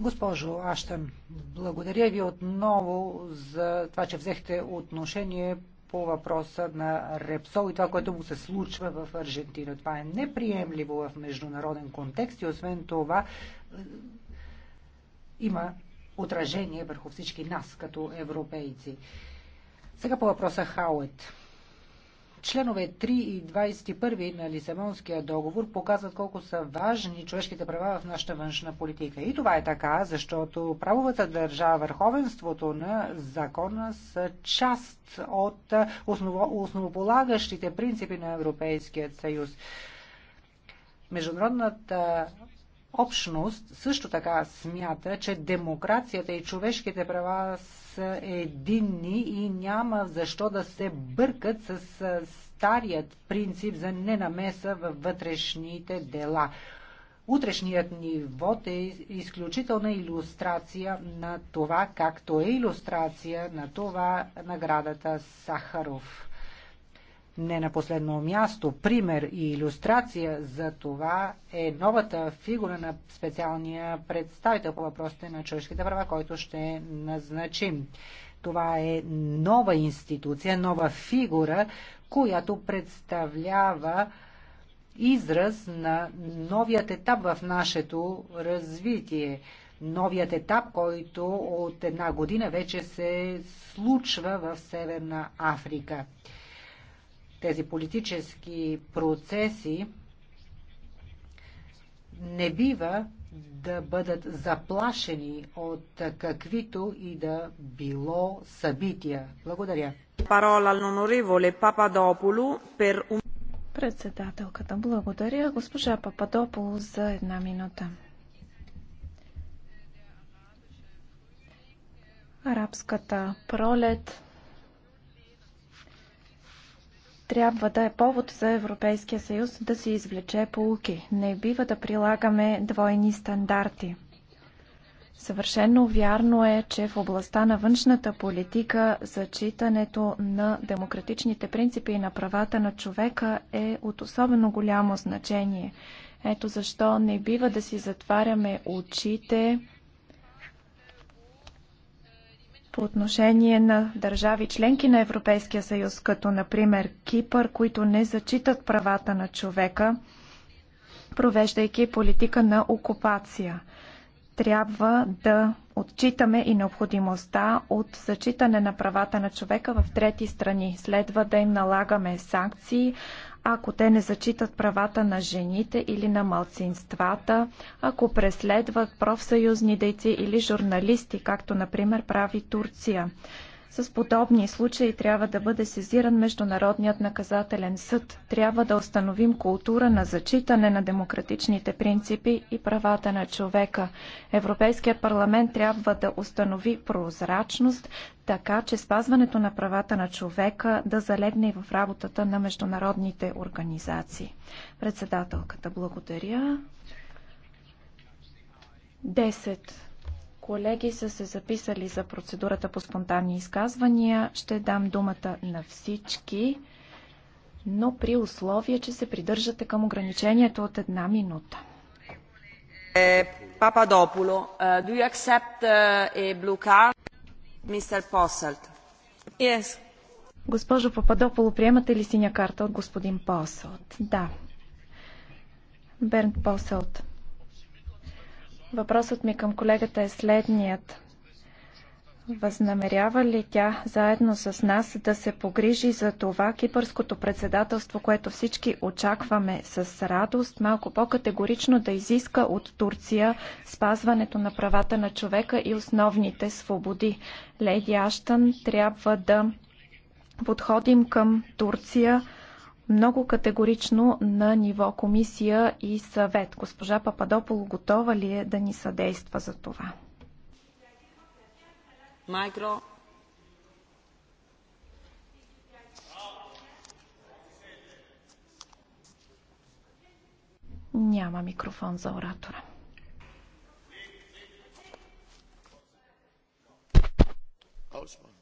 Госпожо Аштън,
благодаря ви отново за това, че взехте отношение по въпроса на Репсол и това, което му се случва в Аржентина. Това е неприемливо в международен контекст и освен това е, има отражение върху всички нас като европейци. Сега по въпроса Хаует. Членове 3 и 21 на Лисабонския договор показват колко са важни човешките права в нашата външна политика. И това е така, защото правовата държава, върховенството на закона са част от осново, основополагащите принципи на Европейския съюз. Международната общност също така смята, че демокрацията и човешките права са единни и няма защо да се бъркат с старият принцип за ненамеса във вътрешните дела. Утрешният ни вод е изключителна иллюстрация на това, както е иллюстрация на това наградата Сахаров. Не на последно място, пример и иллюстрация за това е новата фигура на специалния представител по въпросите на човешките права, който ще назначим. Това е нова институция, нова фигура, която представлява израз на новият етап в нашето развитие. Новият етап, който от една година вече се случва в Северна Африка тези политически процеси не бива да бъдат заплашени от
каквито и да било събития. Благодаря. Парола l'onorevole Papadopoulou per un...
Председателката, благодаря. Госпожа Пападополо за една минута. Арабската пролет трябва да е повод за Европейския съюз да се извлече полуки. Не бива да прилагаме двойни стандарти. Съвършено вярно е, че в областта на външната политика зачитането на демократичните принципи и на правата на човека е от особено голямо значение. Ето защо не бива да си затваряме очите по отношение на държави членки на Европейския съюз, като например Кипър, които не зачитат правата на човека, провеждайки политика на окупация. Трябва да отчитаме и необходимостта от зачитане на правата на човека в трети страни. Следва да им налагаме санкции, ако те не зачитат правата на жените или на малцинствата, ако преследват профсъюзни дейци или журналисти, както например прави Турция. С подобни случаи трябва да бъде сезиран Международният наказателен съд. Трябва да установим култура на зачитане на демократичните принципи и правата на човека. Европейският парламент трябва да установи прозрачност, така че спазването на правата на човека да залегне и в работата на международните организации. Председателката, благодаря. 10 колеги са се записали за процедурата по спонтанни изказвания. Ще дам думата на всички, но при условие, че се придържате към ограничението от една минута.
Е, Пападополо, е, do you accept е, a blue card, Mr. Posselt? Yes.
Госпожо Пападополо, приемате ли синя карта от господин Посълт? Да. Бернт Посълт. Въпросът ми към колегата е следният. Възнамерява ли тя заедно с нас да се погрижи за това кипърското председателство, което всички очакваме с радост, малко по-категорично да изиска от Турция спазването на правата на човека и основните свободи? Леди Аштън трябва да подходим към Турция много категорично на ниво комисия и съвет. Госпожа Пападополо готова ли е да ни съдейства за това? Майкро. Няма микрофон за оратора. Ausmann.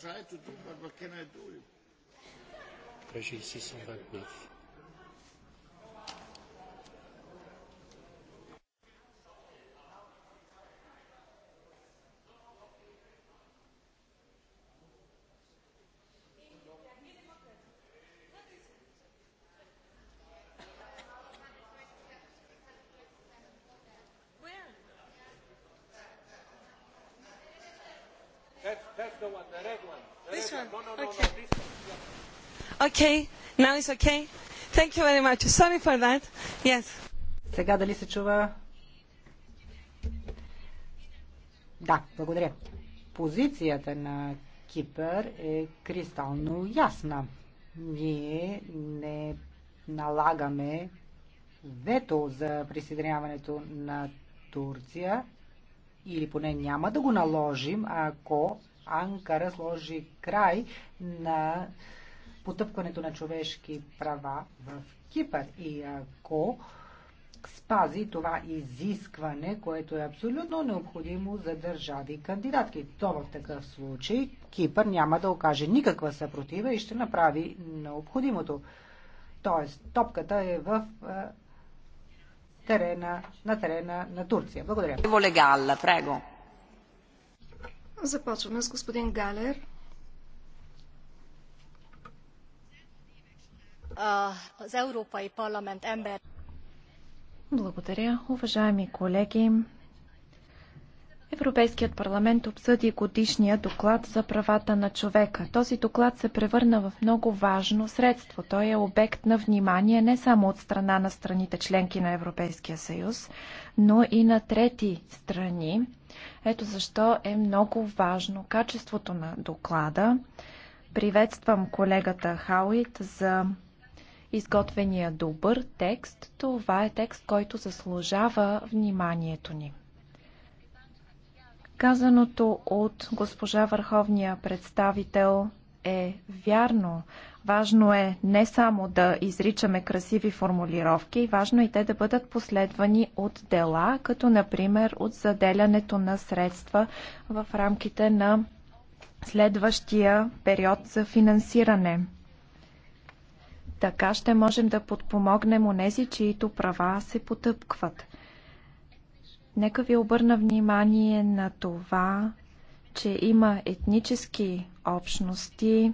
try to do, but what can I do?
Régis 629.
okay? Now it's okay? Thank you very much. Sorry for that. Yes. Сега дали се чува? Да, благодаря.
Позицията на Кипър е кристално ясна. Ние не налагаме вето за присъединяването на Турция или поне няма да го наложим, ако Анкара сложи край на потъпкването на човешки права в Кипър. И ако спази това изискване, което е абсолютно необходимо за държави кандидатки. То в такъв случай Кипър няма да окаже никаква съпротива и ще направи необходимото. Тоест, топката е в е, терена,
на терена на Турция. Благодаря.
Започваме с господин Галер. az Európai Parlament ember.
Благодаря, уважаеми колеги. Европейският парламент обсъди годишния доклад за правата на човека. Този доклад се превърна в много важно средство. Той е обект на внимание не само от страна на страните членки на Европейския съюз, но и на трети страни. Ето защо е много важно качеството на доклада. Приветствам колегата Хауит за изготвения добър текст, това е текст, който заслужава вниманието ни. Казаното от госпожа Върховния представител е вярно. Важно е не само да изричаме красиви формулировки, важно е и те да бъдат последвани от дела, като например от заделянето на средства в рамките на следващия период за финансиране. Така ще можем да подпомогнем онези, чието права се потъпкват. Нека ви обърна внимание на това, че има етнически общности,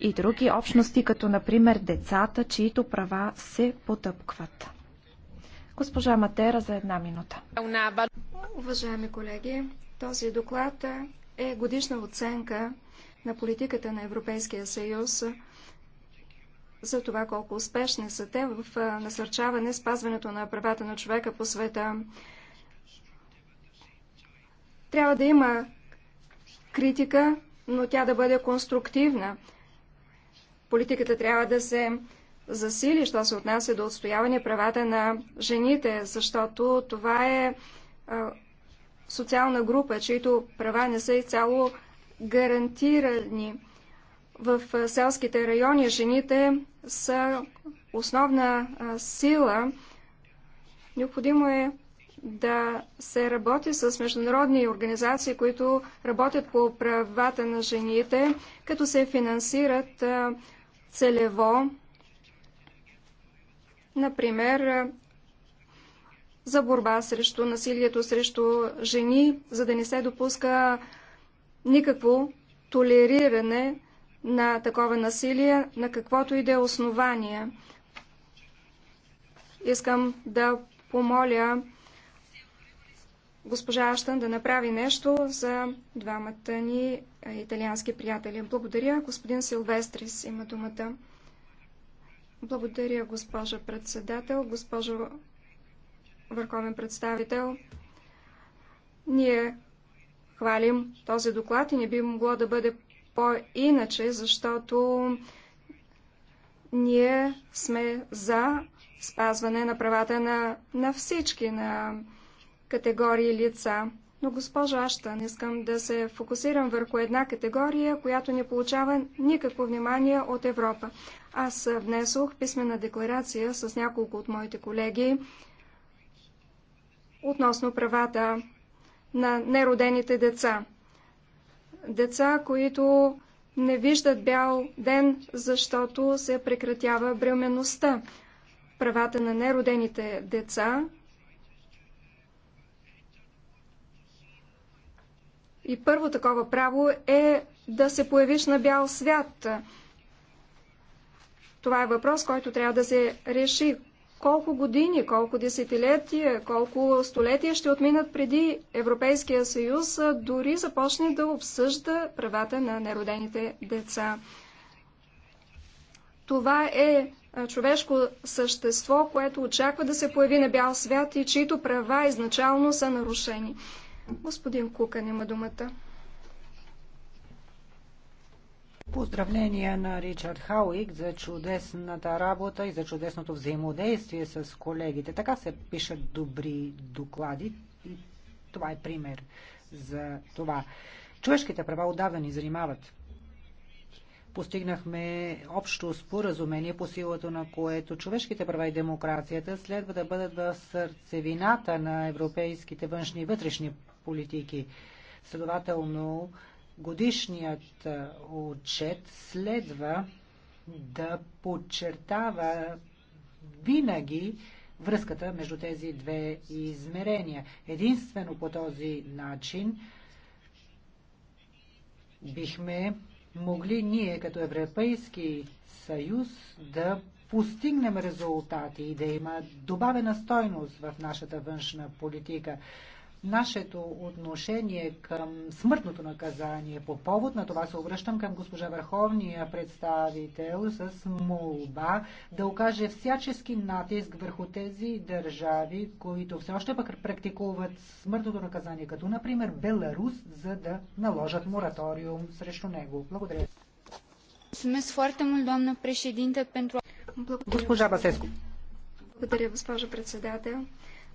и други общности, като например децата, чието права се потъпкват. Госпожа Матера за една минута.
Уважаеми колеги, този доклад е годишна оценка на политиката на Европейския съюз за това колко успешни са те в насърчаване спазването на правата на човека по света. Трябва да има критика, но тя да бъде конструктивна. Политиката трябва да се засили, що се отнася до отстояване правата на жените, защото това е социална група, чието права не са изцяло гарантирани. В селските райони жените са основна сила. Необходимо е да се работи с международни организации, които работят по правата на жените, като се финансират целево. Например, за борба срещу насилието срещу жени, за да не се допуска никакво толериране на такова насилие, на каквото и да е основание. Искам да помоля госпожа Аштън да направи нещо за двамата ни италиански приятели. Благодаря. Господин Силвестрис има думата. Благодаря, госпожа председател, госпожо върховен представител. Ние хвалим този доклад и не би могло да бъде по-иначе, защото ние сме за спазване на правата на, на всички, на категории лица. Но, госпожо Аштан, искам да се фокусирам върху една категория, която не получава никакво внимание от Европа. Аз внесох писмена декларация с няколко от моите колеги относно правата на неродените деца. Деца, които не виждат бял ден, защото се прекратява бременността. Правата на неродените деца И първо такова право е да се появиш на бял свят. Това е въпрос, който трябва да се реши колко години, колко десетилетия, колко столетия ще отминат преди Европейския съюз дори започне да обсъжда правата на неродените деца. Това е човешко същество, което очаква да се появи на бял свят и чието права изначално са нарушени. Господин Кука, има думата. Поздравления на Ричард Хауик за
чудесната работа и за чудесното взаимодействие с колегите. Така се пишат добри доклади и това е пример за това. Човешките права отдавна ни занимават. Постигнахме общо споразумение, по силата на което човешките права и демокрацията следва да бъдат в сърцевината на европейските външни и вътрешни политики. Следователно, Годишният е, отчет следва да подчертава винаги връзката между тези две измерения. Единствено по този начин бихме могли ние като Европейски съюз да постигнем резултати и да има добавена стойност в нашата външна политика нашето отношение към смъртното наказание. По повод на това се обръщам към госпожа Върховния представител с молба да окаже всячески натиск върху тези държави, които все още пък практикуват смъртното наказание, като например Беларус, за да наложат мораториум срещу него. Благодаря.
Госпожа Басеско. Благодаря, госпожо председател.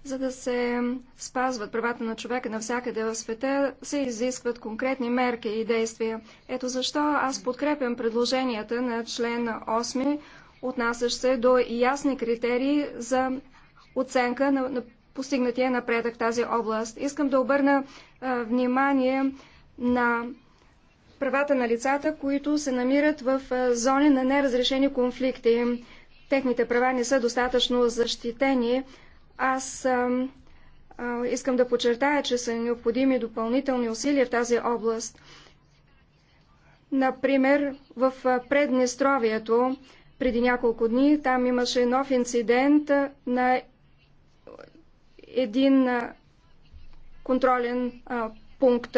За да се спазват правата на човека навсякъде в света, се изискват конкретни мерки и действия. Ето защо аз подкрепям предложенията на член 8, отнасящ се до ясни критерии за оценка на, на постигнатия напредък в тази област. Искам да обърна а, внимание на правата на лицата, които се намират в а, зони на неразрешени конфликти. Техните права не са достатъчно защитени, аз а, а, искам да подчертая, че са необходими допълнителни усилия в тази област. Например, в Преднестровието преди няколко дни там имаше нов инцидент на един контролен а, пункт.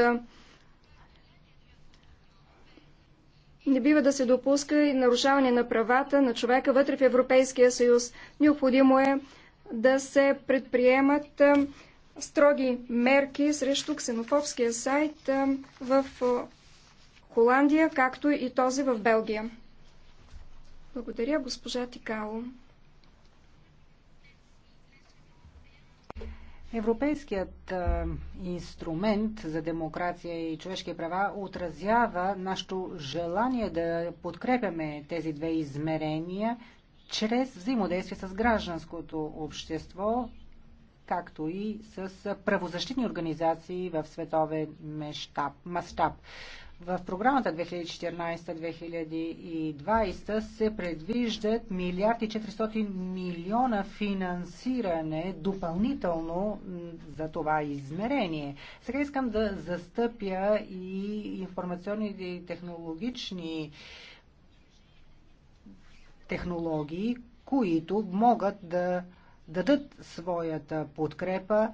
Не бива да се допуска и нарушаване на правата на човека вътре в Европейския съюз. Необходимо е да се предприемат строги мерки срещу ксенофобския сайт в Холандия, както и този в Белгия. Благодаря, госпожа Тикало.
Европейският инструмент за демокрация и човешки права отразява нашето желание да подкрепяме тези две измерения чрез взаимодействие с гражданското общество, както и с правозащитни организации в световен мащаб. В програмата 2014-2020 се предвиждат милиарди 400 милиона финансиране допълнително за това измерение. Сега искам да застъпя и информационните и технологични технологии, които могат да дадат своята подкрепа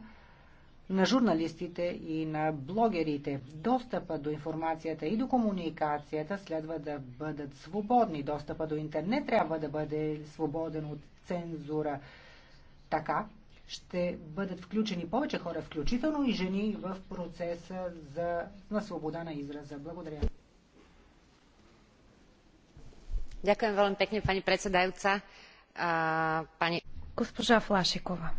на журналистите и на блогерите. Достъпа до информацията и до комуникацията следва да бъдат свободни. Достъпа до интернет трябва да бъде свободен от цензура. Така ще бъдат включени повече хора, включително и жени, в процеса за, на свобода на израза.
Благодаря. Госпожа Флашикова.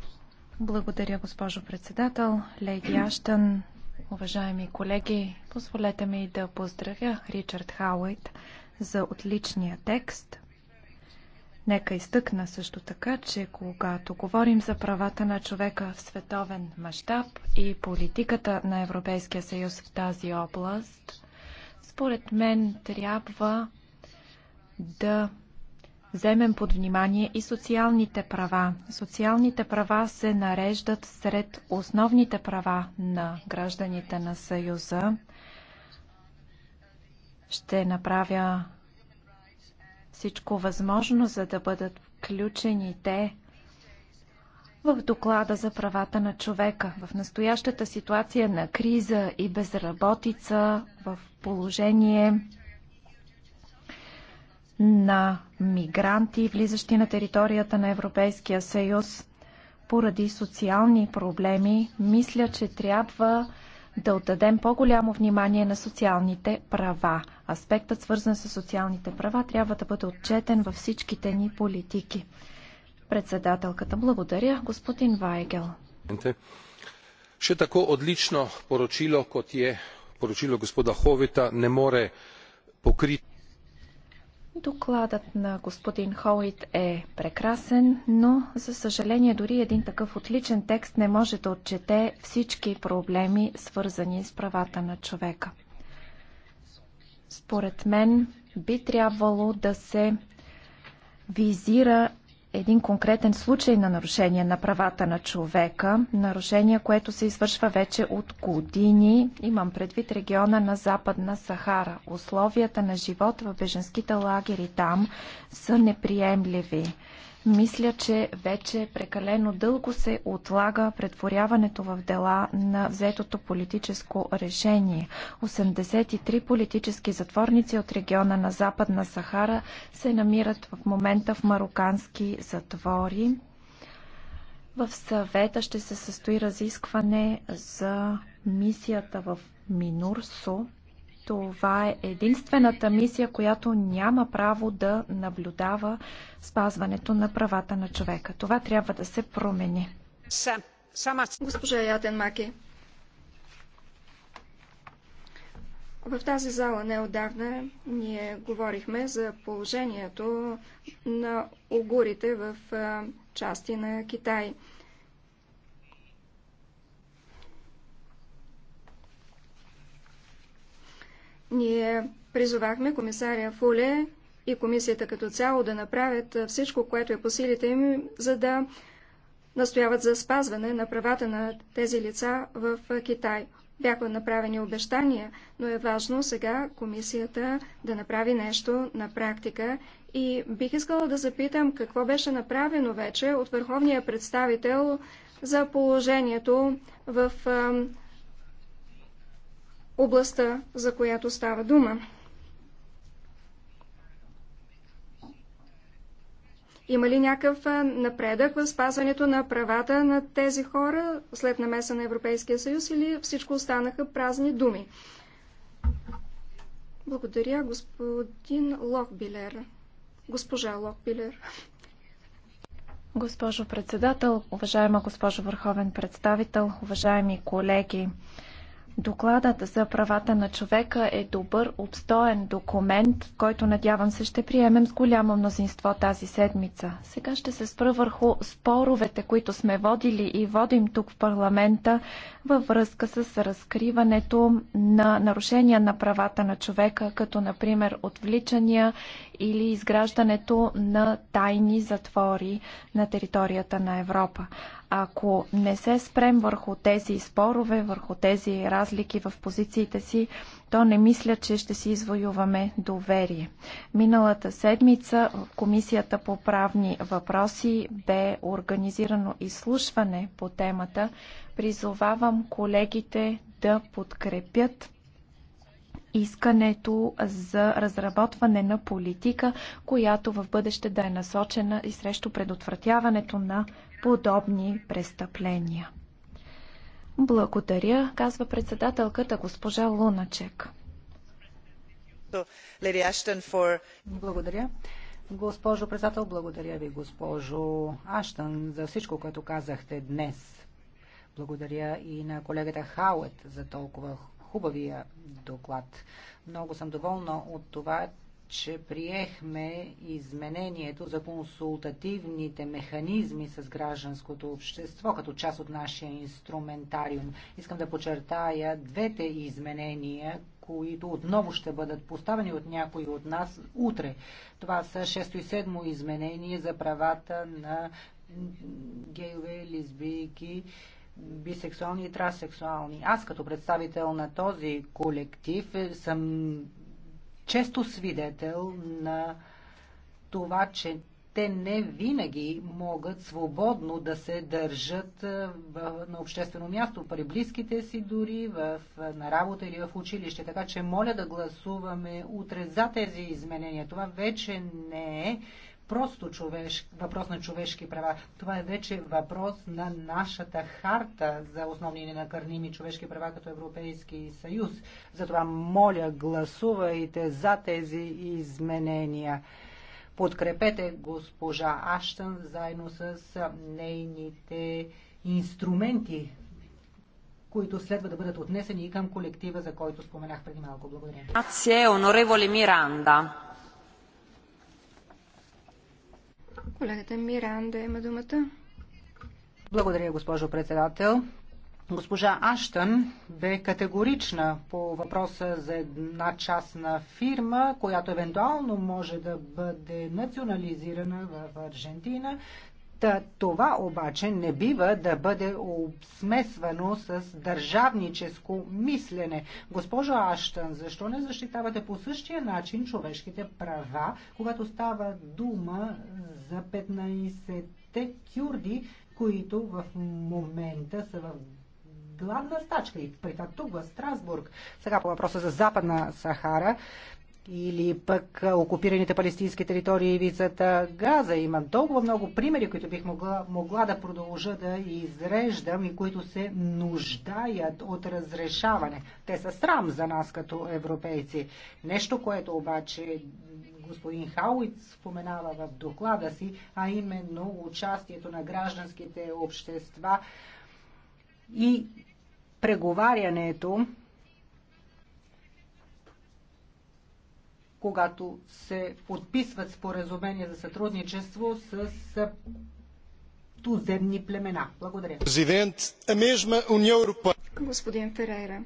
Благодаря, госпожо председател. Леди Аштън, уважаеми колеги, позволете ми да поздравя Ричард Хауайт за отличния текст. Нека изтъкна също така, че когато говорим за правата на човека в световен мащаб и политиката на Европейския съюз в тази област, според мен трябва да вземем под внимание и социалните права. Социалните права се нареждат сред основните права на гражданите на Съюза. Ще направя всичко възможно, за да бъдат включени те в доклада за правата на човека. В настоящата ситуация на криза и безработица, в положение на мигранти, влизащи на територията на Европейския съюз поради социални проблеми, мисля, че трябва да отдадем по-голямо внимание на социалните права. Аспектът, свързан с социалните права, трябва да бъде отчетен във всичките ни политики. Председателката благодаря, господин Вайгел.
Ще тако отлично поручило, kot е поручило господа Ховита, не може покрити.
Докладът на господин Хоуит е прекрасен, но за съжаление дори един такъв отличен текст не може да отчете всички проблеми, свързани с правата на човека. Според мен би трябвало да се визира един конкретен случай на нарушение на правата на човека, нарушение, което се извършва вече от години. Имам предвид региона на Западна Сахара. Условията на живот в беженските лагери там са неприемливи. Мисля, че вече прекалено дълго се отлага претворяването в дела на взетото политическо решение. 83 политически затворници от региона на Западна Сахара се намират в момента в марокански затвори. В съвета ще се състои разискване за мисията в Минурсо, това е единствената мисия, която няма право да наблюдава спазването на правата на човека. Това трябва да се промени.
Госпожа Ятен Маки, в тази зала неодавна ние говорихме за положението на угурите в части на Китай. Ние призовахме комисаря Фуле и комисията като цяло да направят всичко, което е по силите им, за да настояват за спазване на правата на тези лица в Китай. Бяха направени обещания, но е важно сега комисията да направи нещо на практика. И бих искала да запитам какво беше направено вече от върховния представител за положението в областта, за която става дума. Има ли някакъв напредък в спазването на правата на тези хора след намеса на Европейския съюз или всичко останаха празни думи? Благодаря, господин Локбилер. Госпожа Локбилер.
Госпожо председател, уважаема госпожо върховен представител, уважаеми колеги, Докладът за правата на човека е добър, обстоен документ, който надявам се ще приемем с голямо мнозинство тази седмица. Сега ще се спра върху споровете, които сме водили и водим тук в парламента във връзка с разкриването на нарушения на правата на човека, като например отвличания или изграждането на тайни затвори на територията на Европа. Ако не се спрем върху тези спорове, върху тези разлики в позициите си, то не мисля, че ще си извоюваме доверие. Миналата седмица в Комисията по правни въпроси бе организирано изслушване по темата. Призовавам колегите да подкрепят искането за разработване на политика, която в бъдеще да е насочена и срещу предотвратяването на подобни престъпления. Благодаря, казва председателката госпожа Луначек.
Благодаря. Госпожо председател, благодаря ви, госпожо Аштън, за всичко, което казахте днес. Благодаря и на колегата Хаует за толкова хубавия доклад. Много съм доволна от това, че приехме изменението за консултативните механизми с гражданското общество като част от нашия инструментариум. Искам да подчертая двете изменения, които отново ще бъдат поставени от някои от нас утре. Това са 6 и 7 изменение за правата на гейове, лесбийки, бисексуални и трансексуални. Аз като представител на този колектив е, съм често свидетел на това, че те не винаги могат свободно да се държат е, на обществено място, при близките си дори, в, е, на работа или в училище. Така че моля да гласуваме утре за тези изменения. Това вече не е просто човеш, въпрос на човешки права. Това е вече въпрос на нашата харта за основни ненакърними човешки права като Европейски съюз. Затова моля, гласувайте за тези изменения. Подкрепете госпожа Аштън заедно с нейните инструменти, които следва да бъдат отнесени и към колектива, за който споменах преди малко. Благодаря.
Колегата Миран, да има думата.
Благодаря, госпожо председател.
Госпожа Аштън бе категорична по въпроса за една частна фирма, която евентуално може да бъде национализирана в Аржентина Та, това обаче не бива да бъде обсмесвано с държавническо мислене. Госпожо Аштън, защо не защитавате по същия начин човешките права, когато става дума за 15-те кюрди, които в момента са в гладна стачка и при тук в Страсбург. Сега по въпроса за Западна Сахара или пък окупираните палестински територии и визата Газа. Имам толкова много примери, които бих могла, могла да продължа да изреждам и които се нуждаят от разрешаване. Те са срам за нас като европейци. Нещо, което обаче господин Хауит споменава в доклада си, а именно участието на гражданските общества и преговарянето когато се подписват споразумения за сътрудничество
с туземни племена. Благодаря. Господин Ферейра,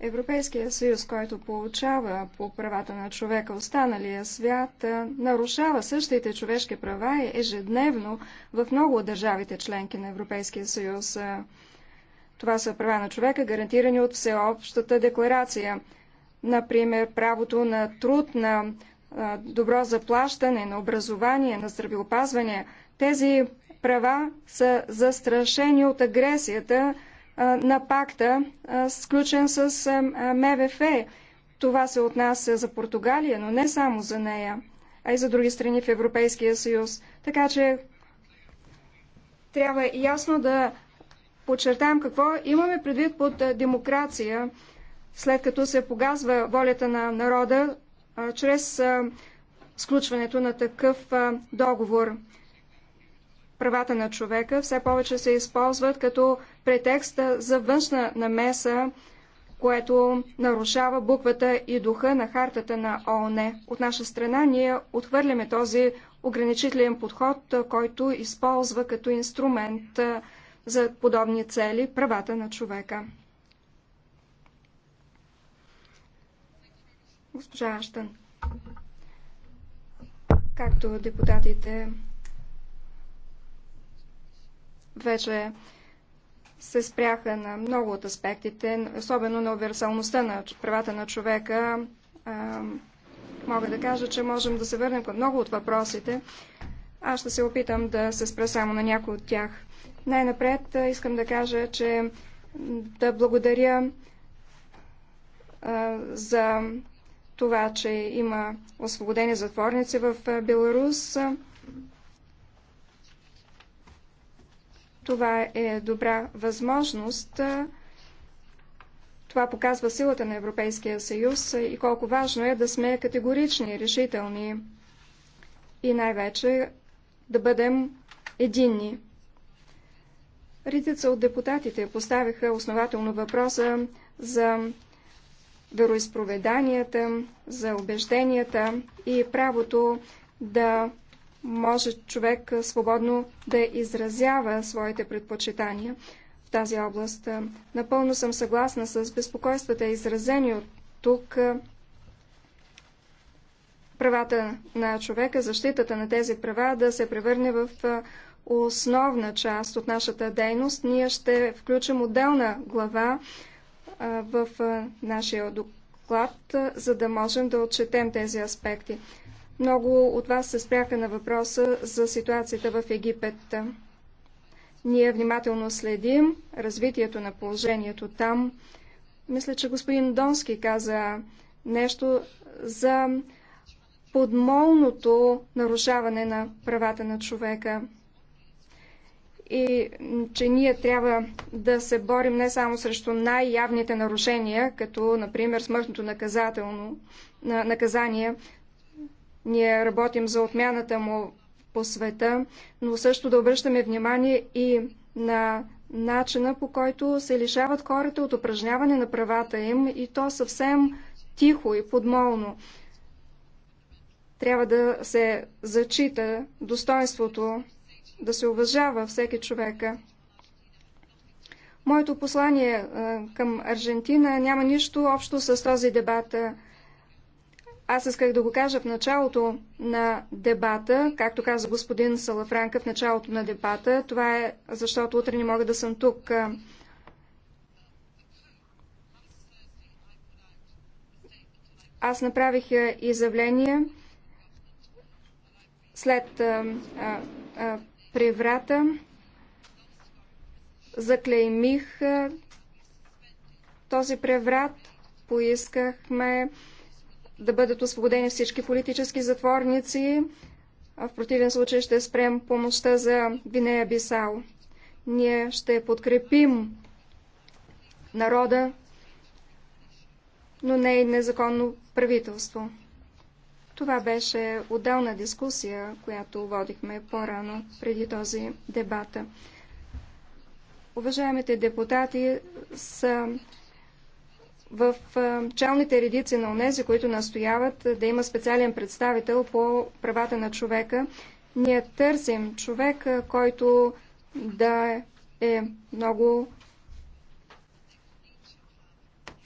Европейския съюз, който получава по правата на човека останалия свят, нарушава същите човешки права ежедневно в много от държавите членки на Европейския съюз. Това са права на човека, гарантирани от Всеобщата декларация например, правото на труд, на добро заплащане, на образование, на здравеопазване. Тези права са застрашени от агресията на пакта, сключен с МВФ. Това се отнася за Португалия, но не само за нея, а и за други страни в Европейския съюз. Така че трябва ясно да подчертаем какво имаме предвид под демокрация след като се погазва волята на народа а, чрез а, сключването на такъв а, договор. Правата на човека все повече се използват като претекст за външна намеса, което нарушава буквата и духа на хартата на ООН. От наша страна ние отхвърляме този ограничителен подход, който използва като инструмент за подобни цели правата на човека. Госпожа Аштън, както депутатите вече се спряха на много от аспектите, особено на универсалността на правата на човека. мога да кажа, че можем да се върнем към много от въпросите. Аз ще се опитам да се спра само на някои от тях. Най-напред искам да кажа, че да благодаря за това, че има освободени затворници в е, Беларус. Това е добра възможност. Това показва силата на Европейския съюз и колко важно е да сме категорични, решителни и най-вече да бъдем единни. Ритица от депутатите поставиха основателно въпроса за вероисповеданията, за убежденията и правото да може човек свободно да изразява своите предпочитания в тази област. Напълно съм съгласна с безпокойствата, изразени от тук е, правата на човека, защитата на тези права да се превърне в е, основна част от нашата дейност. Ние ще включим отделна глава в нашия доклад, за да можем да отчетем тези аспекти. Много от вас се спряха на въпроса за ситуацията в Египет. Ние внимателно следим развитието на положението там. Мисля, че господин Донски каза нещо за подмолното нарушаване на правата на човека и че ние трябва да се борим не само срещу най-явните нарушения, като например смъртното наказателно наказание. Ние работим за отмяната му по света, но също да обръщаме внимание и на начина по който се лишават хората от упражняване на правата им и то съвсем тихо и подмолно. Трябва да се зачита достоинството да се уважава всеки човека. Моето послание към Аржентина няма нищо общо с този дебат. Аз исках да го кажа в началото на дебата, както каза господин Салафранка в началото на дебата. Това е защото утре не мога да съм тук. Аз направих изявление след преврата, заклеймих този преврат, поискахме да бъдат освободени всички политически затворници, а в противен случай ще спрем помощта за Гвинея Бисао. Ние ще подкрепим народа, но не и незаконно правителство. Това беше отделна дискусия, която водихме по-рано преди този дебат. Уважаемите депутати са в челните редици на онези, които настояват да има специален представител по правата на човека. Ние търсим човек, който да е много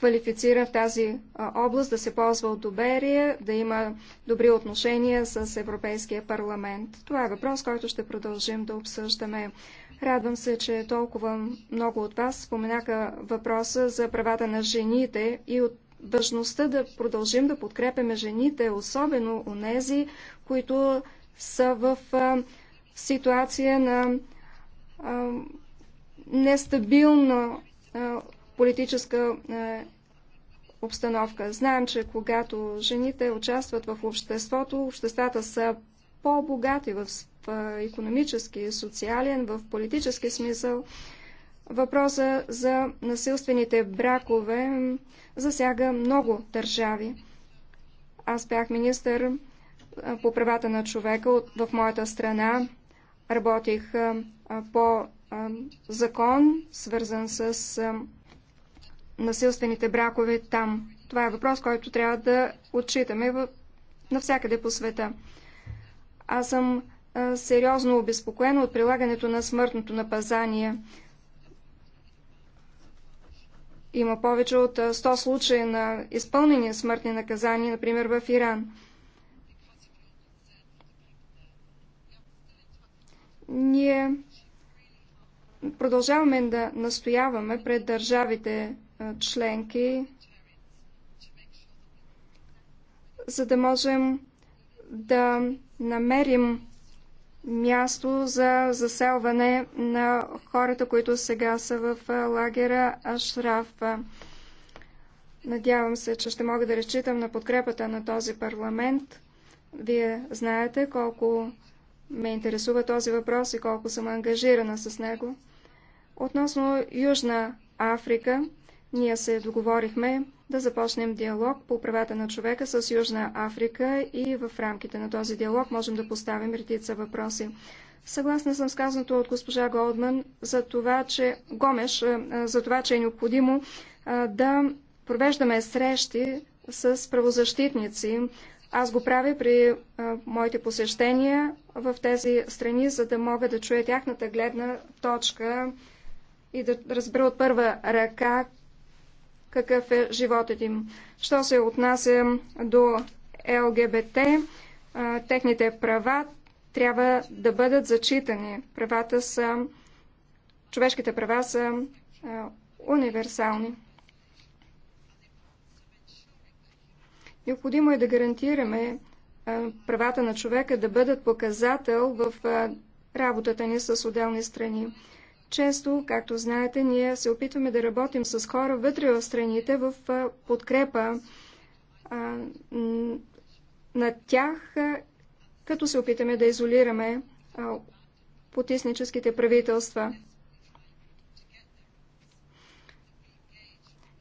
квалифицира в тази област, да се ползва от доверие, да има добри отношения с Европейския парламент. Това е въпрос, който ще продължим да обсъждаме. Радвам се, че толкова много от вас споменаха въпроса за правата на жените и от важността да продължим да подкрепяме жените, особено нези, които са в ситуация на нестабилна политическа обстановка. Знаем, че когато жените участват в обществото, обществата са по-богати в економически, социален, в политически смисъл. Въпроса за насилствените бракове засяга много държави. Аз бях министър по правата на човека в моята страна. Работих по закон, свързан с насилствените бракове там. Това е въпрос, който трябва да отчитаме в... навсякъде по света. Аз съм а, сериозно обезпокоена от прилагането на смъртното напазание. Има повече от 100 случаи на изпълнени смъртни наказания, например в Иран. Ние продължаваме да настояваме пред държавите членки, за да можем да намерим място за заселване на хората, които сега са в лагера Ашраф. Надявам се, че ще мога да разчитам на подкрепата на този парламент. Вие знаете колко ме интересува този въпрос и колко съм ангажирана с него. Относно Южна Африка, ние се договорихме да започнем диалог по правата на човека с Южна Африка и в рамките на този диалог можем да поставим редица въпроси. Съгласна съм с казаното от госпожа Голдман за това, че Гомеш, за това, че е необходимо да провеждаме срещи с правозащитници. Аз го правя при моите посещения в тези страни, за да мога да чуя тяхната гледна точка и да разбера от първа ръка какъв е животът им. Що се отнася до ЛГБТ, техните права трябва да бъдат зачитани. Правата са, човешките права са универсални. Необходимо е да гарантираме правата на човека да бъдат показател в работата ни с отделни страни. Често, както знаете, ние се опитваме да работим с хора вътре в страните в подкрепа а, на тях, като се опитаме да изолираме а, потисническите правителства.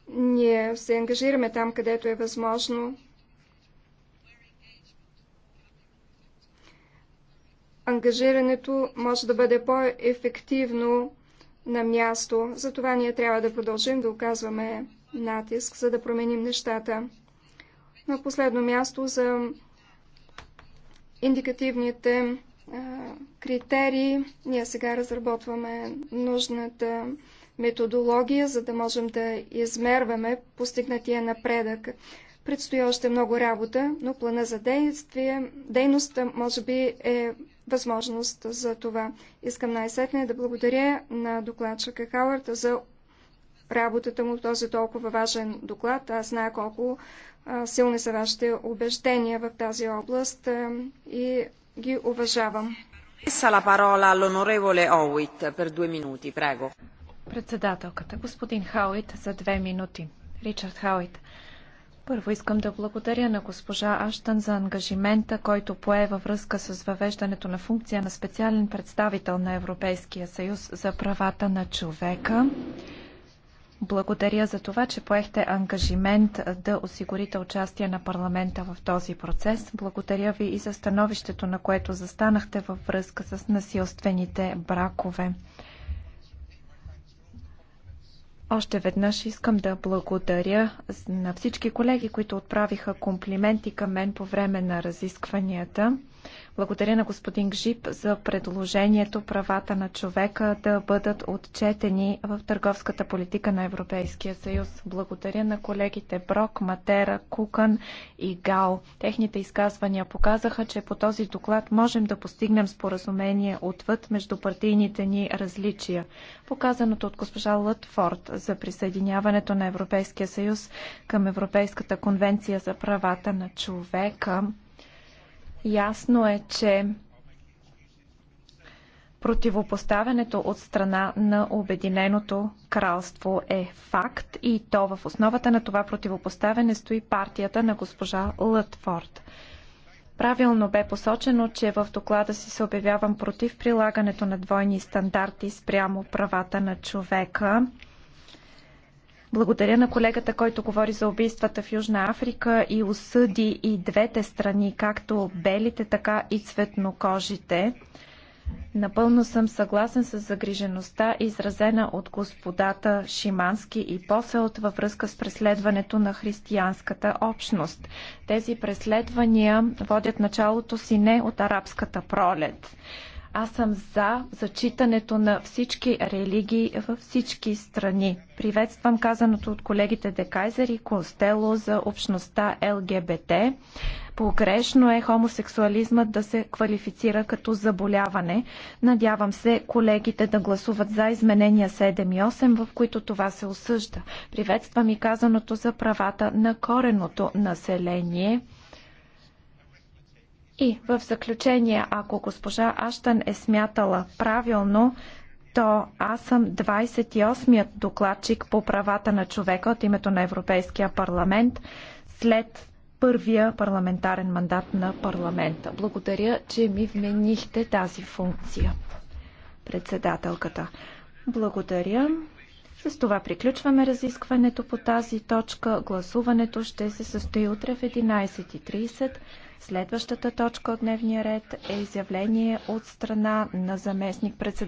Ние се ангажираме там, където е възможно. Ангажирането може да бъде по-ефективно на място. Затова ние трябва да продължим да оказваме натиск, за да променим нещата. На последно място за индикативните критерии. Ние сега разработваме нужната методология, за да можем да измерваме постигнатия напредък. Предстои още много работа, но плана за действие, дейността може би е възможност за това. Искам най-сетне да благодаря на докладчика Хауърт за работата му в този толкова важен доклад. Аз знае колко силни са вашите убеждения в тази област и ги уважавам. Председателката,
господин Хауит, за две минути. Ричард Хауит. Първо искам да благодаря на госпожа Аштан за ангажимента, който пое във връзка с въвеждането на функция на специален представител на Европейския съюз за правата на човека. Благодаря за това, че поехте ангажимент да осигурите участие на парламента в този процес. Благодаря ви и за становището, на което застанахте във връзка с насилствените бракове. Още веднъж искам да благодаря на всички колеги, които отправиха комплименти към мен по време на разискванията. Благодаря на господин Гжип за предложението правата на човека да бъдат отчетени в търговската политика на Европейския съюз. Благодаря на колегите Брок, Матера, Кукън и Гал. Техните изказвания показаха, че по този доклад можем да постигнем споразумение отвъд между партийните ни различия. Показаното от госпожа Лътфорд за присъединяването на Европейския съюз към Европейската конвенция за правата на човека Ясно е, че противопоставянето от страна на Обединеното кралство е факт и то в основата на това противопоставяне стои партията на госпожа Лътфорд. Правилно бе посочено, че в доклада си се обявявам против прилагането на двойни стандарти спрямо правата на човека. Благодаря на колегата, който говори за убийствата в Южна Африка и осъди и двете страни, както белите, така и цветнокожите. Напълно съм съгласен с загрижеността, изразена от господата Шимански и Пофелт във връзка с преследването на християнската общност. Тези преследвания водят началото си не от арабската пролет. Аз съм за зачитането на всички религии във всички страни. Приветствам казаното от колегите Декайзер и Костело за общността ЛГБТ. Погрешно е хомосексуализмът да се квалифицира като заболяване. Надявам се колегите да гласуват за изменения 7 и 8, в които това се осъжда. Приветствам и казаното за правата на кореното население. И в заключение, ако госпожа Аштан е смятала правилно, то аз съм 28-ят докладчик по правата на човека от името на Европейския парламент след първия парламентарен мандат на парламента. Благодаря, че ми вменихте тази функция, председателката. Благодаря. С това приключваме разискването по тази точка. Гласуването ще се състои утре в 11.30. Следващата точка от дневния ред е изявление от страна на заместник председателя